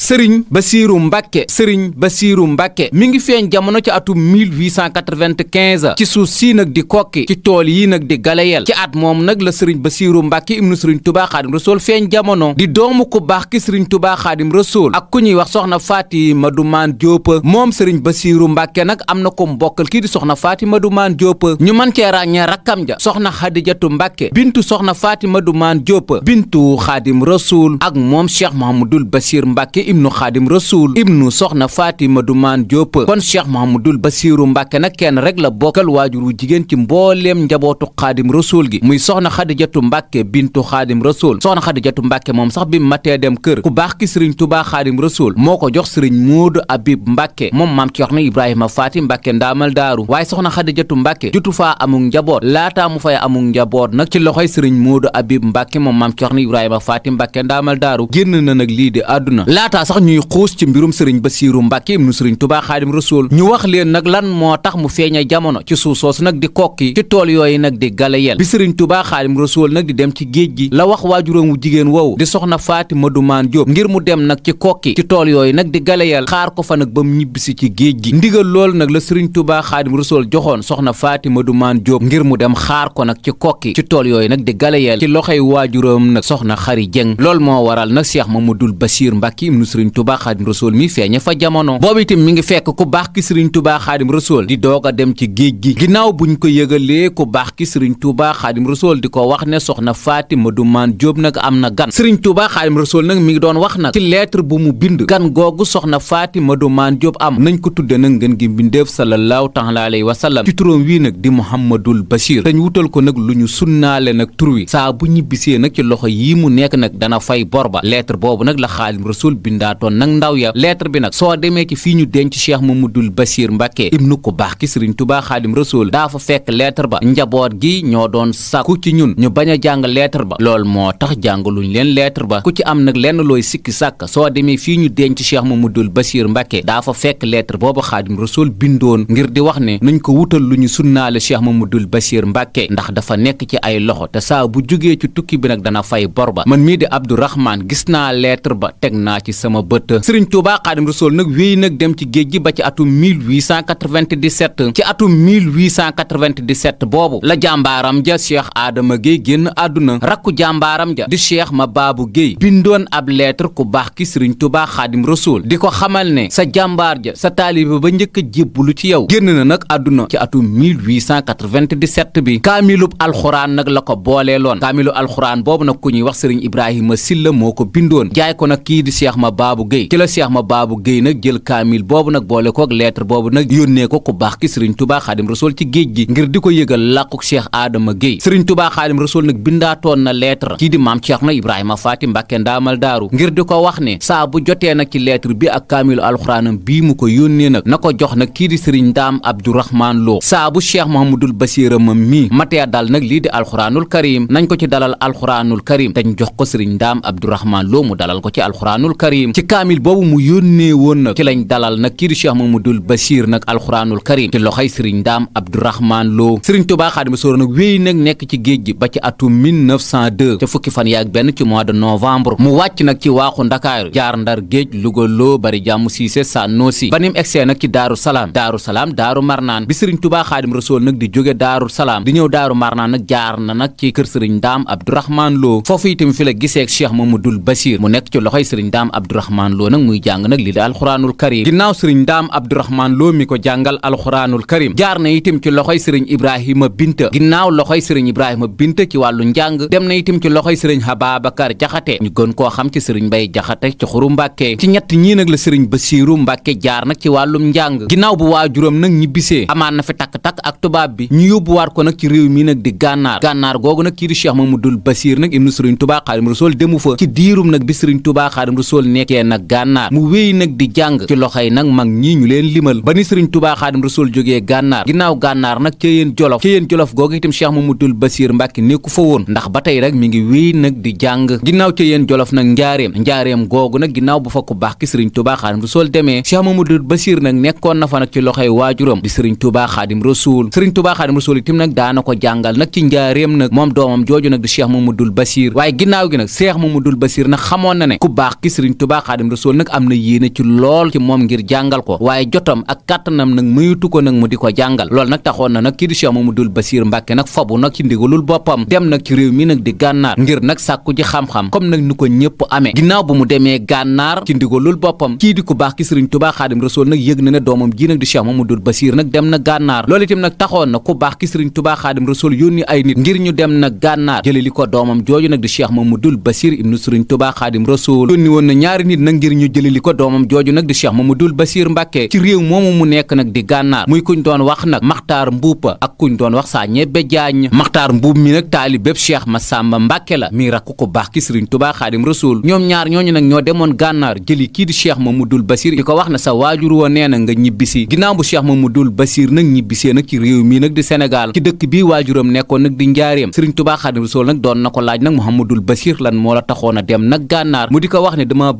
sëriñ Basiiru Mbàkke sëriñ Basiiru Mbàkke mi ngi feeñ jamono ci atum 1895 ci suuf sii nag di kokki ci tool yii nag di galeyel ci at moom nag la sëriñ Basiiru Mbàkke ibnu sëriñ Tubaa Xaadim Rasuul feeñ jamono di doomu ko baax ki sëriñ Tubaa Xaadim Rasuul ak ku ñuy wax soxna Faatima Dumaan Jóopa moom sëriñ Basiiru Mbàkke nag am na ko mbokkal kii di soxna Faatima Dumaan Jóopa ñu man cee ràññee rakkam ja soxna Xadijatu Mbàkke bintu soxna Faatima Dumaan Jóopa bintu Xaadim Rasuul ak moom Cheikh Mahamadul Basiir Mbàkke ibnu xaadim rasul ibnu soxna faatima du maan Diop kon cheikh mahamadul basiiru mbàkke nag kenn rek la bokkal waajur wu jigéen ci mbooleem njabootu xaadim rasul gi muy soxna xadijatu mbàkke bintu xaadim rasul soxna xadijatu mbàkke moom sax bi matee dem kër ku baax ki sëriñ tubaa xaadim rasul moo ko jox sëriñ muudu abib mbàkke moom maam ci wax na ibrahima faati mbàkke ndaamal daaru waaye soxna xadijatu mbàkke jutu faa amug njaboot laataa mu fay amug njaboot nag ci loxoy sëriñ muudu abib mbàkke moom maam ci wax na ibrahima faati mbàkke ndaamal laataa sax ñuy xuus ci mbirum sëriñ Basiiru Mbàkke ibnu sëriñ Tuubaa Xaadim Rasuul ñu wax leen nag lan moo tax mu feeña jamono ci suuf soosu nag di kokki ci tool yooyu nag di galayel bi sëriñ Tuubaa Xaadim Rasuul nag di dem ci géej gi la wax waajuram wu jigéen woowu di soxna du Dumaan Jóob ngir mu dem nag ci kokki ci tool yooyu nag di galayel xaar ko fa nag ba mu ñibbisi ci géej gi ndigal loolu nag la sëriñ Tuubaa Xaadim Rasuul joxoon soxna Faatima Dumaan Jóob ngir mu dem ko nag ci kokki tool yooyu nag di galayel ci loxoy waajuram nag soxna Xari Jeng liggéeyum sëriñ tubaa xaadim rasool mi feeña fa jamono boobu itam mi ngi fekk ku baax ki sëriñ tubaa xaadim rasool di doog a dem ci géej gi ginnaaw buñ ko yëgalee ku baax ki sëriñ tubaa xaadim rasool di ko wax ne soxna Faatima du maan Jóob nag am na gan sëriñ tubaa xaadim rasool nag mi ngi doon wax nag ci lettre bu mu bind gan googu soxna Faatima du maan Jóob am nañ ko tudde nag ngeen gi mbindeef sallallahu taala alayhi wa sallam ci turóom wii nag di Muhammadul Bashir dañ wutal ko nag lu ñu sunnaale nag tur wi saa bu ñibbisee nag ci loxo yi mu nekk nag dana fay bindaatoon nag ndaw ya lettre bi nag soo demee ci fii ñu denc cheikh mamadul basir mbàkke ibnu ko baax ki sëriñ tubaa xaadim rasul daa fa fekk lettre ba njaboot gi ñoo doon sàkku ci ñun ñu bañ a jàng lettre ba lool moo tax jàngaluñ leen lettre ba ku ci am nag lenn looy sikki sàkk soo demee fii ñu denc ma cheikh mamadul basir mbàkke daa fa fekk lettre boobu xaadim rasul bindoon ngir di wax ne nuñ ko wutal lu ñu sunnaale cheikh mamadul basir mbàkke ndax dafa nekk ci ay loxo te saa bu jugee ci tukki bi nag dana fay bor ba man mii di abdourahman gis naa lettre ba teg naa sama bët Serigne Touba Xaadim Rasul nag wéy nag dem ci géej gi ba ci atum 1897 ci atum 1897 boobu la jàmbaaram ja Cheikh aadama Guèye génn àdduna rakku jàmbaaram ja di Cheikh baabu Guèye bindoon ab lettre ku baax ki Serigne Touba Xaadim Rasul di ko xamal ne sa jàmbaar ja sa taalibe ba njëkk a ci yow génn na nag adduna ci atum 1897 bi kaamilub alxuraan nag la ko booleeloon kaamilu alxuraan boobu nag ku ñuy wax sëriñ Ibrahima Silla moo ko bindoon jaay ko nag kii di Cheikh ma baabu géy ci la seex ma baabu géy nag jël kaamil boobu nag boole kook lettre boobu nag yónnee ko ko baax ki sëriñ tubaa xaadim rasool ci géej gi ngir di ko yëgal làquk cheikh aadama géy sëriñ tubaa xaadim rasool nag bindaatoon na lettre kii di maam cheikh na ibrahima faati mbàkke ndaamal daaru ngir di ko wax ne saa bu jotee nag ci lettre bi ak kaamilu alxuraanam bii mu ko yónnee nag na ko jox nag kii di sëriñ ndaam abdourahmaan loo saa bu cheikh mohamadul basiira ma mii matee dal nag lii di alxuraanul karim nañ ko ci dalal alxuraanul karim dañ jox ko sëriñ ndaam abdourahmaan loo karim ci kaamil boobu mu yónnee woon nag ci lañ dalal nag kii di cheikh mamadul bachir nag alxuraanul karim ci loxoy sëriñ ndaam abdourahman loo sëriñ tubaa xaadima sóor nag wéy nag nekk ci géej gi ba ci atum 1902 ca fukki fan yaak benn ci mois de novembre mu wàcc nag ci waaxu ndakaaru jaar ndar géej luga loo bari jàmm siise sànnoosi ba nim egsee nag ci daaru salaam daaru salaam daaru marnaan bi sëriñ tubaa xaadim rasool nag di jóge daaru salaam di ñëw daaru marnaan nag jaar na nag ci kër sëriñ ndaam abdourahman loo foofu itam fi la gisee ak cheikh mamadul bachir mu nekk ci loxoy sëriñ ndaam Abdourahmane Lo nag muy jàng nag lii da alxuraanul karim ginnaaw sëriñ ndaam Abdourahmane Lo mi ko jàngal alxuraanul karim jaar na itam ci loxoy sëriñ Ibrahima Binta ginnaaw loxoy sëriñ Ibrahima Binta ci wàllu njàng dem na itam ci loxoy sëriñ Hababakar Jaxate ñu gën koo xam ci sëriñ Mbay Jaxate ci xuru Mbàkke ci ñett ñii nag la sëriñ Basiiru Mbàkke jaar nag ci wàllum njàng ginnaaw bu waajuram nag ñibbisee amaan na fi takk-takk ak tubaab bi ñu yóbbuwaat ko nag ci réew mi nag di gànnaar gànnaar googu nag kii di Cheikh Mamadul Basiir nag ibnu sëriñ Tubaa Xaadim Rasul demu nekkee nag gànnaar mu wéy nag di jàng ci loxoy nag mag ñii ñu leen limal ba ni sëriñ tubaa xaadim rasul jógee gànnaar ginnaaw gànnaar nag ca yéen jolof ca yéen jolof googu itam cheikh mamadul ba tey rek mi ngi wéy di jàng ginnaaw ca yéen jolof nag njaareem njaareem googu nag ginnaaw bu fa ko baax ki sëriñ tubaa xaadim rasul demee cheikh mamadul basir nag nekkoon na fa nag ci loxoy waajuram di sëriñ tubaa xaadim rasul sëriñ tubaa xaadim rasul itam nag daana ko jàngal nag ci njaareem nag moom doomam jooju nag di cheikh mamadul basir waaye ginnaaw gi nag cheikh mamadul basir nag xamoon na ne ku baax ki sëriñ tubaa Tuubaa Xaadim Rasuul nag am na yéene ci lool ci moom ngir jàngal ko waaye jotam ak kàttanam nag muyutu ko nag mu di ko jàngal loolu nag taxoon na nag kii di Cheikh Mamadul Basiir Mbàkke nag fobu nag ci ndigalul boppam dem nag ci réew mi nag di gànnaar ngir nag sàkku xam-xam comme nag ni ko ñëpp amee ginnaaw bu mu demee gànnaar ci ndigalul boppam kii di ku baax ki Sëriñ Tuubaa Xaadim Rasuul nag yëg na ne doomam ji nag di Cheikh Mamadul Basiir nag dem na gànnaar loolu itam nag taxoon na ku baax ki Sëriñ Tuubaa Xaadim Rasuul yónni ay nit ngir ñu dem nag gànnaar jële li ko doomam jooju nag ñaari nit nag ngir ñu jëlili ko doomam jooju nag di Cheikh Mamadou Bassir Mbacké ci réew moomu mu nekk nag di gànnaar muy kuñ doon wax nag Maxtaar Mbuupa ak kuñ doon wax saa ñebbe jaañ Maxtaar Mbuub mi nag taalibeb Cheikh Massamba Mbacké la mi rakk ko baax ki Sëriñ Tuubaa Xaadim Rasuul ñoom ñaar ñooñu nag ñoo demoon gànnaar jëli kii di Cheikh Mamadou Bassir ñu ko wax na sa waajur woo nee na nga ñibbisi ginnaaw bu Cheikh Mamadou Bassir nag ñibbisee nag ci réew mi nag di Sénégal ci dëkk bi waajuram nekkoon nag di njaareem Sëriñ Tuubaa Xaadim Rasuul nag doon na ko laaj nag Mouhamadoul Bassir lan moo la taxoon a dem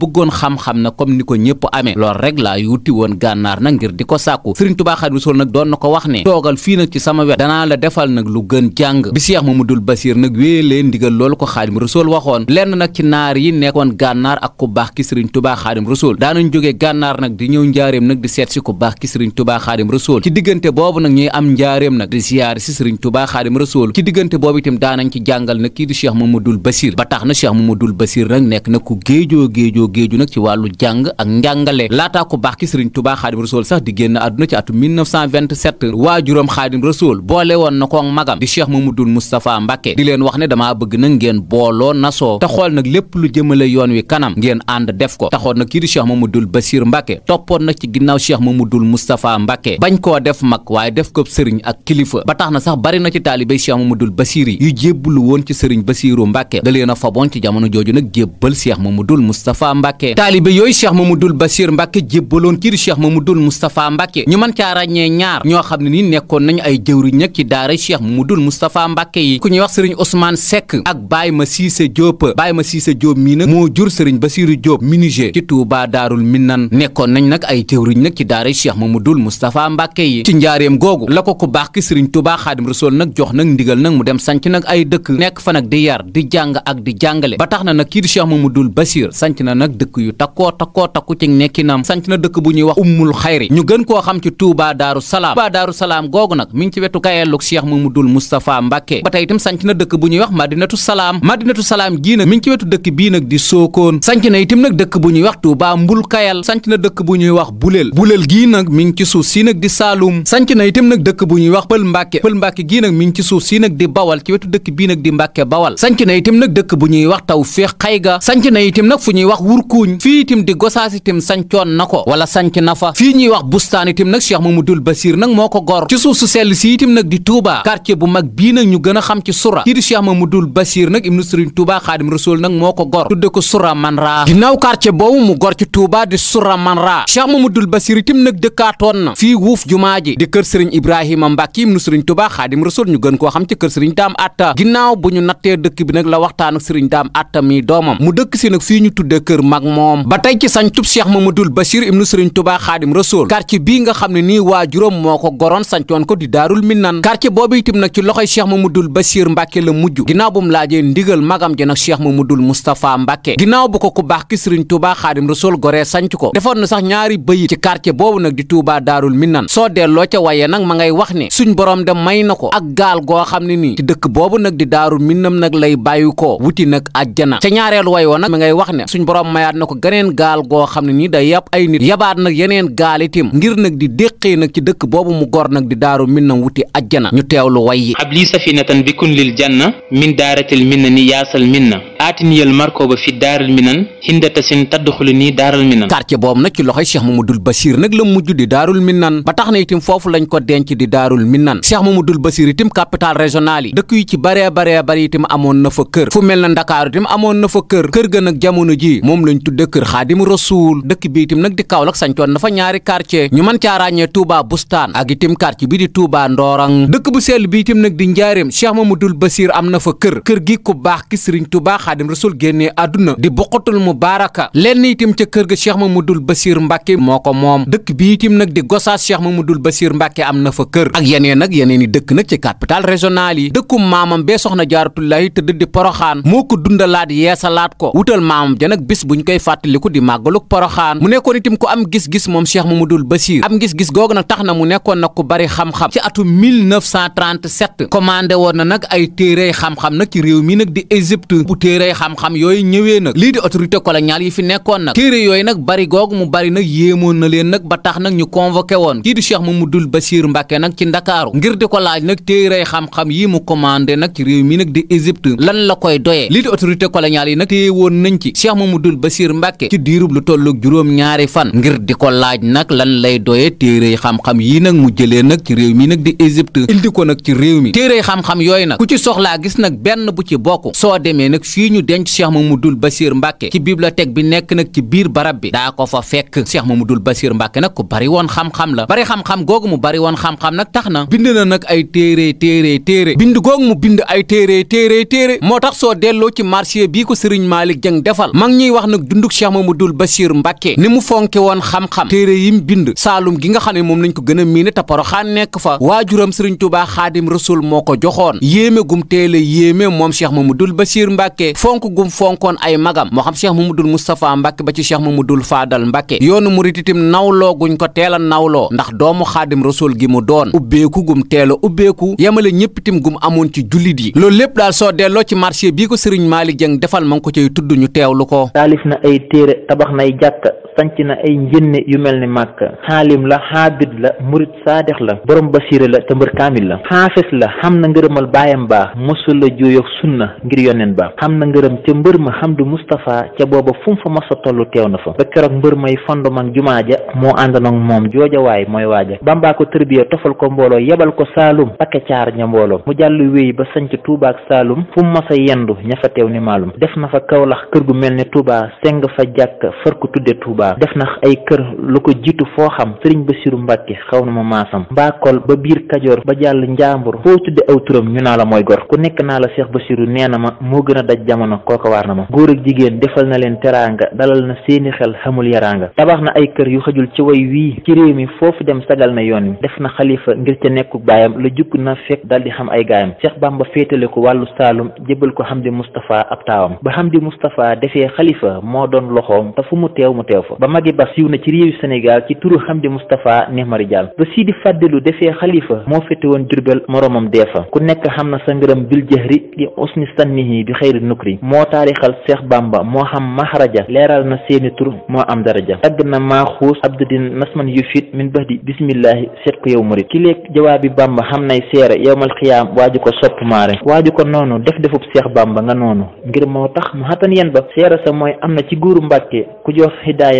bëggoon xam-xam na comme ni ko ñëpp amee lool rek laa yuuti woon gànnaar nag ngir di ko sàkku sëriñ tubaa xaadimu rasuul nag doon na ko wax ne toogal fii nag ci sama wet danaa la defal nag lu gën jàng bi seex mamadul basiir nag wéelee ndigal loolu ko xaadimu rasuul waxoon lenn nag ci naar yi nekkoon gànnaar ak ku baax ki sëriñ tubaa xaadimu rasuul daanañ jógee gànnaar nag di ñëw njaareem nag di seet si ku baax ki sëriñ tubaa xaadimu rasuul ci diggante boobu nag ñuy am njaareem nag di ziyaar si sëriñ tubaa xaadimu rasuul ci diggante boobu itam daanañ ci jàngal nag kii di cheikh mamadul basiir ba tax na cheikh mamadul basiir nag nekk na ku géejoo géeju nag ci wàllu jàng ak njàngale laataa ko baax ki sëriñ tubaa xaadim rasool sax di génn àdduna ci atum 1927 waajuram xaadim rasool boole woon na ko magam di cheikh mamadul moustapha mbàkke di leen wax ne damaa bëgg nag ngeen booloo nasoo te xool nag lépp lu jëmale yoon wi kanam ngeen ànd def ko taxoon nag kii di cheikh dul basir mbake toppoon nag ci ginnaaw cheikh dul moustapha mbàkke bañ koo def mag waaye def ko sëriñ ak kilifa ba tax na sax bari na ci taalibé cheikh mamadul basir yi yu jébbulu woon ci sëriñ basiru mbàkke da leen a faboon ci jamono jooju nag Mbacke taalibe yooyu Cheikh Mamadul Bachir Mbacke jébbaloon kii di Cheikh Mamadul Moustapha Mbacke ñu mën caa ràññee ñaar ñoo xam ne ni nekkoon nañu ay jëwriñ ci daara Cheikh Mamadul Moustapha Mbacke yi ku ñuy wax sëriñ Ousmane Seck ak Baye Ma Cissé Diop Baye Ma Cissé Diop mii nag moo jur sëriñ Basiru Diop minigé ci Touba Daarul Minnan nekkoon nañ nag ay jëwriñ nag ci daara Cheikh Mamadul Moustapha Mbacke yi ci njaareem googu la ko ku baax ki sëriñ Touba Xaadim Rasul nag jox nag ndigal nag mu dem sanc nag ay dëkk nekk fa nag di yar di jàng ak di jàngale ba tax na nag kii di Cheikh Mamadul Bachir sanc na nag ak dëkk yu takkoo takkoo takku ci nekkinam sanc na dëkk bu ñuy wax ummul xayri ñu gën koo xam ci Touba Daaru Salaam Touba Daaru Salaam googu nag mi ngi ci wetu kayeluk Cheikh Mamadul Moustapha Mbàkke ba tey itam sanc na dëkk bu ñuy wax Madinatu Salaam Madinatu Salaam gii nag mi ngi ci wetu dëkk bii nag di Sookoon sanc na itam nag dëkk bu ñuy wax Touba Mbul Kayal sanc na dëkk bu ñuy wax Buleel Buleel gii nag mi ngi ci suuf si nag di Saalum sanc na itam nag dëkk bu ñuy wax Pël Mbàkke Pël Mbàkke gii nag mi ngi ci suuf si di Bawal ci wetu dëkk bii nag di Mbàkke Bawal sanc na itam nag dëkk bu ñuy wax Tawfeex Xayga sanc na itam nag fu ñuy Bourkougne fii itam di Gosaas itam sancoon na ko wala sanc na fa fii ñuy wax bustaan itam nag Cheikh Mamadul Basir nag moo ko gor ci suuf su sell si itam nag di Touba quartier bu mag bii nag ñu gën a xam ci sura kii di Cheikh Mamadul Basir nag ibnu Serigne Touba Xaadim Rasul nag moo ko gor tudde ko sura man raa ginnaaw quartier boobu mu gor ci Touba di sura man raa Cheikh Mamadul Basir itam nag dëkkaatoon na fii wuuf jumaa ji di kër Serigne Ibrahima Mbàkke ibnu Serigne Touba Xaadim Rasul ñu gën koo xam ci kër Serigne Daam Atta ginnaaw bu ñu nattee dëkk bi nag la waxtaan ak Serigne Daam Atta mi doomam mu dëkk ñu mag moom ba tey ci sañtub cheikh mamadul bachir ibnu sëriñ tubaa xaadim rasool quartier bii nga xam ne nii waajuram moo ko goroon sañcoon ko di daarul minnan quartier boobu itam nag ci loxoy cheikh mamadul bachir mbàkke la mujj ginnaaw bu mu laajee ndigal magam ji nag cheikh mamadul moustapha mbàkke ginnaaw bu ko ku baax ki sëriñ tubaa xaadim rasool goree sañc ko defoon na sax ñaari bëyit ci quartier boobu nag di tuubaa daarul minnan soo delloo ca waaye nag ma ngay wax ne suñ borom de may na ko ak goo xam ne nii ci dëkk boobu nag di daarul minnam nag lay bàyyi ko wuti nag àjjana ca ñaareelu way woo nag ma ngay wax ne suñ mayaat na ko geneen gaal goo xam ne nii day yab ay nit yabaat nag yeneen gaal itim ngir nag di déqee nag ci dëkk boobu mu gor nag di daaru min na wuti ajjana ñu teewlu way yi ab lii safinatan bi kun lil janna min daaratil minna ni yaasal minna aatiniyal markooba fi daaral minan hindatasin tadduxuli nii daaral minan quartier boobu nag ci loxoy Cheikh Mamadul Basir nag la mujj di daarul minan ba tax na itim foofu lañ ko denc di daarul minan Cheikh Mamadul Basir itim capital régional yi dëkk yi ci baree baree lañ tudde kër xaadim rasuul dëkk bi itam nag di Kaolack sancoon na fa ñaari quartier ñu mën caa ràññee Touba Bustaan ak itim quartier bi di Touba Ndorang dëkk bu sell bi itam nag di njaareem Cheikh Mamadul Basir am na fa kër kër gi ku baax ki Sëriñ Touba xaadim rasuul génnee àdduna di boqatul mu baaraka lenn itam ca kër ga ma Cheikh dul Basir Mbàkke moo ko moom dëkk bi itam nag di ma Cheikh Mamadul Basir Mbàkke am na fa kër ak yeneen nag yeneen i dëkk nag ci capital régional yi dëkku maamam bee soxna ja nag buñ koy fàttaliku di màggaluk poroxaan mu nekkoon itam ku am gis-gis moom Cheikh Mamadul Basir am gis-gis googu nag tax na mu nekkoon nag ku bari xam-xam ci atum 1937 woon na nag ay téerey xam-xam nag ci réew mi nag di Égypte bu téerey xam-xam yooyu ñëwee nag lii di autorité coloniale yi fi nekkoon nag téere yooyu nag bari googu mu bari nag yéemoon na leen nag ba tax nag ñu convoqué woon kii di Cheikh Mamadul yi mu commandé nag ci mi nag la koy doyee lii ci Cheikh Basiir Mbàkke ci diirub lu tolloog juróom-ñaari fan ngir di ko laaj nag lan lay doye yi xam-xam yii nag mu jëlee nag ci réew mi nag di Égypte indi ko nag ci réew mi téerey xam-xam yooyu nag ku ci soxlaa gis nag benn bu ci bokk soo demee nag fii ñu denc Cheikh Mamadul Basiir Mbàkke ci bibliothèque bi nekk nag ci biir barab bi daa ko fa fekk ma mu dul Basiir Mbàkke nag ko bari woon xam-xam la bari xam-xam googu mu bari woon xam-xam nag tax na bind nag ay téere téere téere bind googu mu bind ay téere téere téere moo tax soo delloo ci marché bii ko Sëriñ Maalik Jëng nag dunduk Cheikh Mamadul Bachir Mbacke ni mu fonke woon xam-xam téere yim bind saalum gi nga xam ne moom lañ ko gën a miine te poroxaan nekk fa waajuram Serigne Touba Xaadim Rasul moo ko joxoon yéeme gum téele yéeme moom ma mu dul Bachir Mbacke fonk gum fonkoon ay magam moo xam ma Cheikh Mamadul Moustapha Mbacke ba ci ma Cheikh Mamadul Faadal Mbacke yoonu murit itam nawloo guñ ko teel a nawloo ndax doomu Xaadim Rasul gi mu doon ubbeeku gum teel ubbeeku yemale ñëpp itam gum amoon ci jullit yi loolu lépp daal soo delloo ci marché bii ko Serigne Malick Dieng defal ma ko cay tudd teewlu ko def na ay téere tabax na ay jàkka sanc na ay njënne yu mel ni màkk xaalim la xaabit la murit saadix la borom basiira la te mbër kaamil la xaafis la xam na ngërëmal baayam baa mosul la juyoog sunna ngir yoneen ba xam na ngërëm ca mbër ma Hamdu Moustapha ca booba fu mu fa mos a toll teew na fa ba keroog mbër may fondement jumaa ja moo ànd moom jooja waay mooy waaja bambaa ko tërbiya tofal ko mbooloo yebal ko saalum pakke caar ña mbooloo mu jàll wéy ba sanc Touba ak saalum fu mu mos a yendu ña fa teew ni maalum def na Touba def na ay kër lu ko jiitu foo xam sëriñ Basiru Mbàkke xaw na ma maasam mbaakol ba biir Kajoor ba jàll Njaambur foo tudde aw turam ñu naa la mooy gor ku nekk naa la Cheikh Basiru nee na ma moo gën a daj jamono kooka waar na ma góor ak jigéen defal na leen teraanga dalal na seeni xel xamul yaraanga tabax na ay kër yu xajul ci way wii ci réew mi foofu dem sagal na yoon wi def na xalifa ngir ca nekku baayam la jukk na fekk dal di xam ay gaayam Cheikh Bamba féetale ko wàllu Saalum jëbal ko Hamdi Moustapha ab taawam ba Hamdi Moustapha defee xalifa moo doon loxoom te mu teew fa ba magi ba siiw na ci réewi Sénégal ci turu Hamdi Moustapha Nihmari ba Sidi Fàddilu defee xalifa moo fete woon Jurbel moromam dee fa ku nekk xam na sa ngërëm bil jëhri li usni sannihi bi xëyri nukri moo taarixal Seex Bamba moo xam mahraja leeral na seeni tur moo am daraja tagg na maaxuus abdudin nasman yufit min bax bismillahi seet ko yow murit ki léeg jawaabi Bamba xam nay seere yowmal xiyaam waaju ko sopp maare waaju ko noonu def defub Seex Bamba nga noonu ngir moo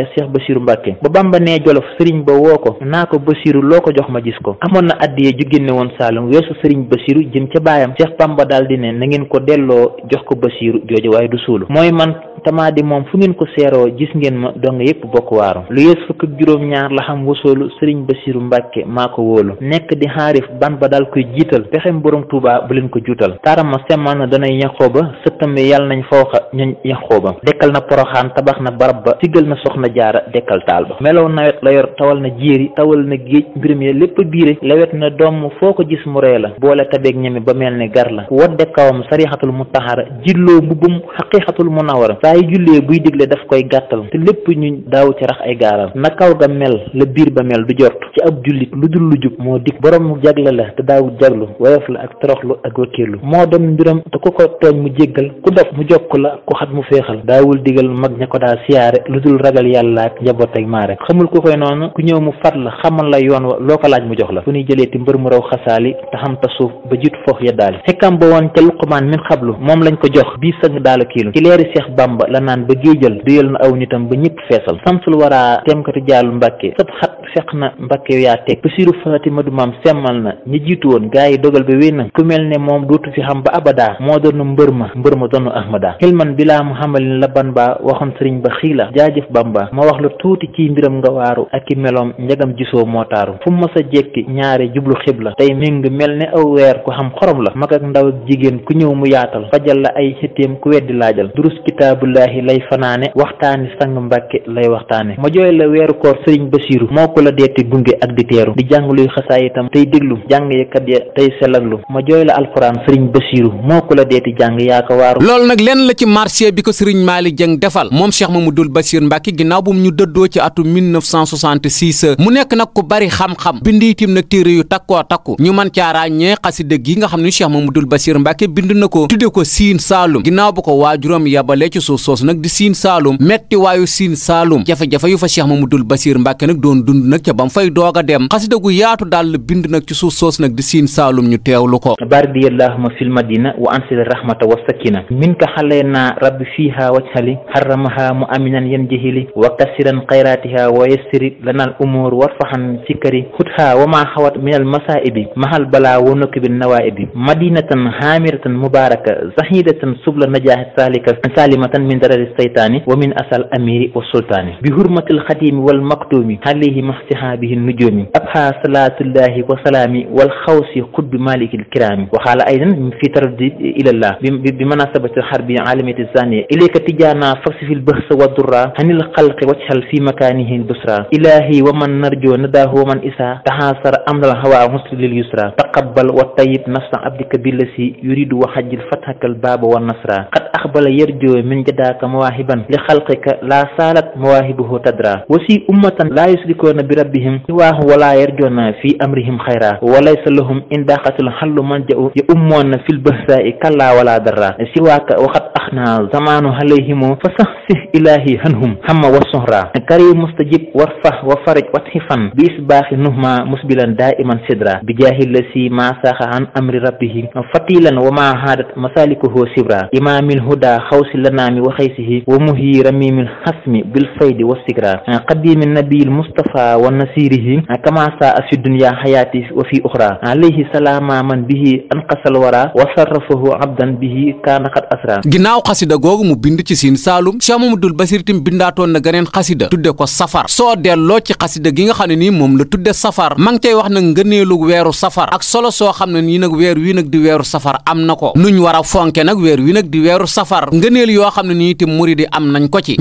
wilaya Cheikh Basiru Mbàkke ba Bamba nee Jolof sëriñ ba woo ko naa ko Basiru loo ko jox ma gis ko amoon na addiye ju génne woon Saalum weesu sëriñ Basiru jëm ca baayam seex Bamba daal di ne nangeen ko delloo jox ko Basiru jooju waaye du suulu mooy man tamaadi moom fu ngeen ko seeroo gis ngeen ma dong yépp bokk waaru lu yées fukk ak juróom-ñaar la xam wasoolu sëriñ basiru mbàkke maa ko wóolu nekk di xaarif ban ba daal koy jiital pexem borom tuuba bu leen ko juutal taarama semman na danay yaxooba sëttam yàlla nañ fawxa ñuñ yaxooba dekkal na poroxaan tabax na barab ba siggal na soxna jaara dekkal taal ba melow nawet la yor tawal na jéeri tawal na géej mbiram ya lépp biire lawet na doom foo ko gis mu ree la boole tabeeg ñami ba mel ni gar saay jullee buy digle daf koy gàttal te lépp ñu daaw ci rax ay gaaral na kaw ga mel la biir ba mel du jort ci ab jullit lu dul lu jub moo dikk borom jagle la te daawut jaglu woyof la ak toroxlu ak wakkiirlu moo dem mbiram te ku ko tooñ mu jéggal ku dof mu jokk la ku xat mu féexal daawul digal mag ña ko daa siyaare lu dul ragal yàlla ak njaboot ak maa rek xamul ku koy noonu ku ñëw mu fat la xamal la yoon wa loo ko laaj mu jox la fu ñuy jëlee ti mbër mu raw xasaali te xam ta suuf ba jiitu foofu yeddaali xekkam ba woon ca ko jox ba la naan ba géejal duyal na aw nitam ba ñëpp feesal samsul waraa teemkatu jaalu mbàkke sëpp seq na Mbàkke yow yaa teg Basiru Fatima du maam semmal na ñi jiitu woon gaa yi dogal ba wéy na ku mel ne moom dootu fi xam ba abada moo doon mbër ma mbër ma doonu ahmada xilman bilaa mu xamalin la ban ba waxoon sëriñ ba xii la jaajëf bamba ma wax la tuuti ci mbiram nga waaru ak i meloom njagam gisoo moo taaru fu ma sa jekki ñaare jublu la tey méng mel ni aw weer ko xam xorom la mag ak ndaw ak jigéen ku ñëw mu yaatal fajal la ay xëttéem ku weddi laajal durus kitaabullaahi lay fanaane waxtaani sang mbàkke lay la weeru ku la deeti gunge ak di ma nag lenn la ci marché bi ko sëriñ Malick Dieng defal moom Cheikh Mamadou Bassirou Mbacké ginnaaw bu mu ñu dëddoo ci atum 1966 mu nekk nag ku bari xam-xam bind itam nag téere yu takkoo takku ñu mën caa ràññee xasida gi nga xam ne Cheikh Mamadou Bassirou Mbacké bind na ko tudde ko Siin Saalum ginnaaw bu ko waajuram yabale ci suuf soosu nag di Siin Saalum metti waayu Siin Saalum jafe-jafe yu fa Cheikh Mamadou Bassirou Mbacké nag doon dund nag ca bam fay doog a dem xasida gu yaatu daal la bind nag ci suuf soos nag di siin saalum ñu teewlu ko bardi allahuma fil wa ansil rahmata wa sakina min ka xaleyna rabbi fiha wajhali harramaha mu aminan yan jihili wa kasiran xayratiha wa yassiri lana al umuur warfahan sikkari hutha wa ma min al masaibi mahal bala wa nukibi nawaibi madinatan hamiratan mubaraka zahidatan subla najahi salika salimatan min darari saytani min asal amiri wa sultani واصطحابه النجوم أبحى صلاة الله وسلامي والخوص قطب مالك الكرام وقال أيضا في تردد إلى الله بمناسبة الحرب العالمية الثانية إليك تجانا فاكشف البأس والضر عن الخلق واجعل في مكانه البشرى إلهي ومن نرجو نداه ومن إسى تحاصر أمر الهوى مسل لليسرى تقبل والطيب نفس عبدك بالذي يريد وحج فتحك الباب والنصر قد أقبل يرجو من جداك مواهبا لخلقك لا سالت مواهبه تدرى وسي أمة لا يسلكون bi rabbihim siwaahu walaa yarjoona fi amrihim xayra walaysa lahum in daqatul xallu manja'u ya ummoona fil bahsaa'i kallaa walaa darra siwaaka waxat axnaa zamaanu alayhimu fa sax si ilaahi hanhum hamma wa sohra karim mustajib warfah wa farij wathifan bi isbaaxi nuhma musbilan daa'iman sidra bi jaahi lasi maa saaxa an amri rabbihi fatilan wa maa haadat masaalikuhu sibra imaamil huda xawsi lanaami wa xaysihi wa muhi ramiimil hasmi bil faydi wa sigra qadiimi nabiil mustafa wa nasirihi kama a fi dunya hayati wa fi uxra alayhi salaama man bihi anqasal wara wa sarrafahu abdan bihi kaana qad asra ginnaaw xasida googu mu bind ci siin saalum Cheikh Mamadul Basir tim bindaatoon na ganeen xasida tudde ko safar soo delloo ci xasida gi nga xam ne nii moom la tudde safar ma ngi cay wax nag ngëneelu weeru safar ak solo soo xam ne nii nag weer wi nag di weeru safar am na ko nuñ war a fonke nag weer di weeru safar ngëneel yoo xam ne nii tim muri di am nañ ko ci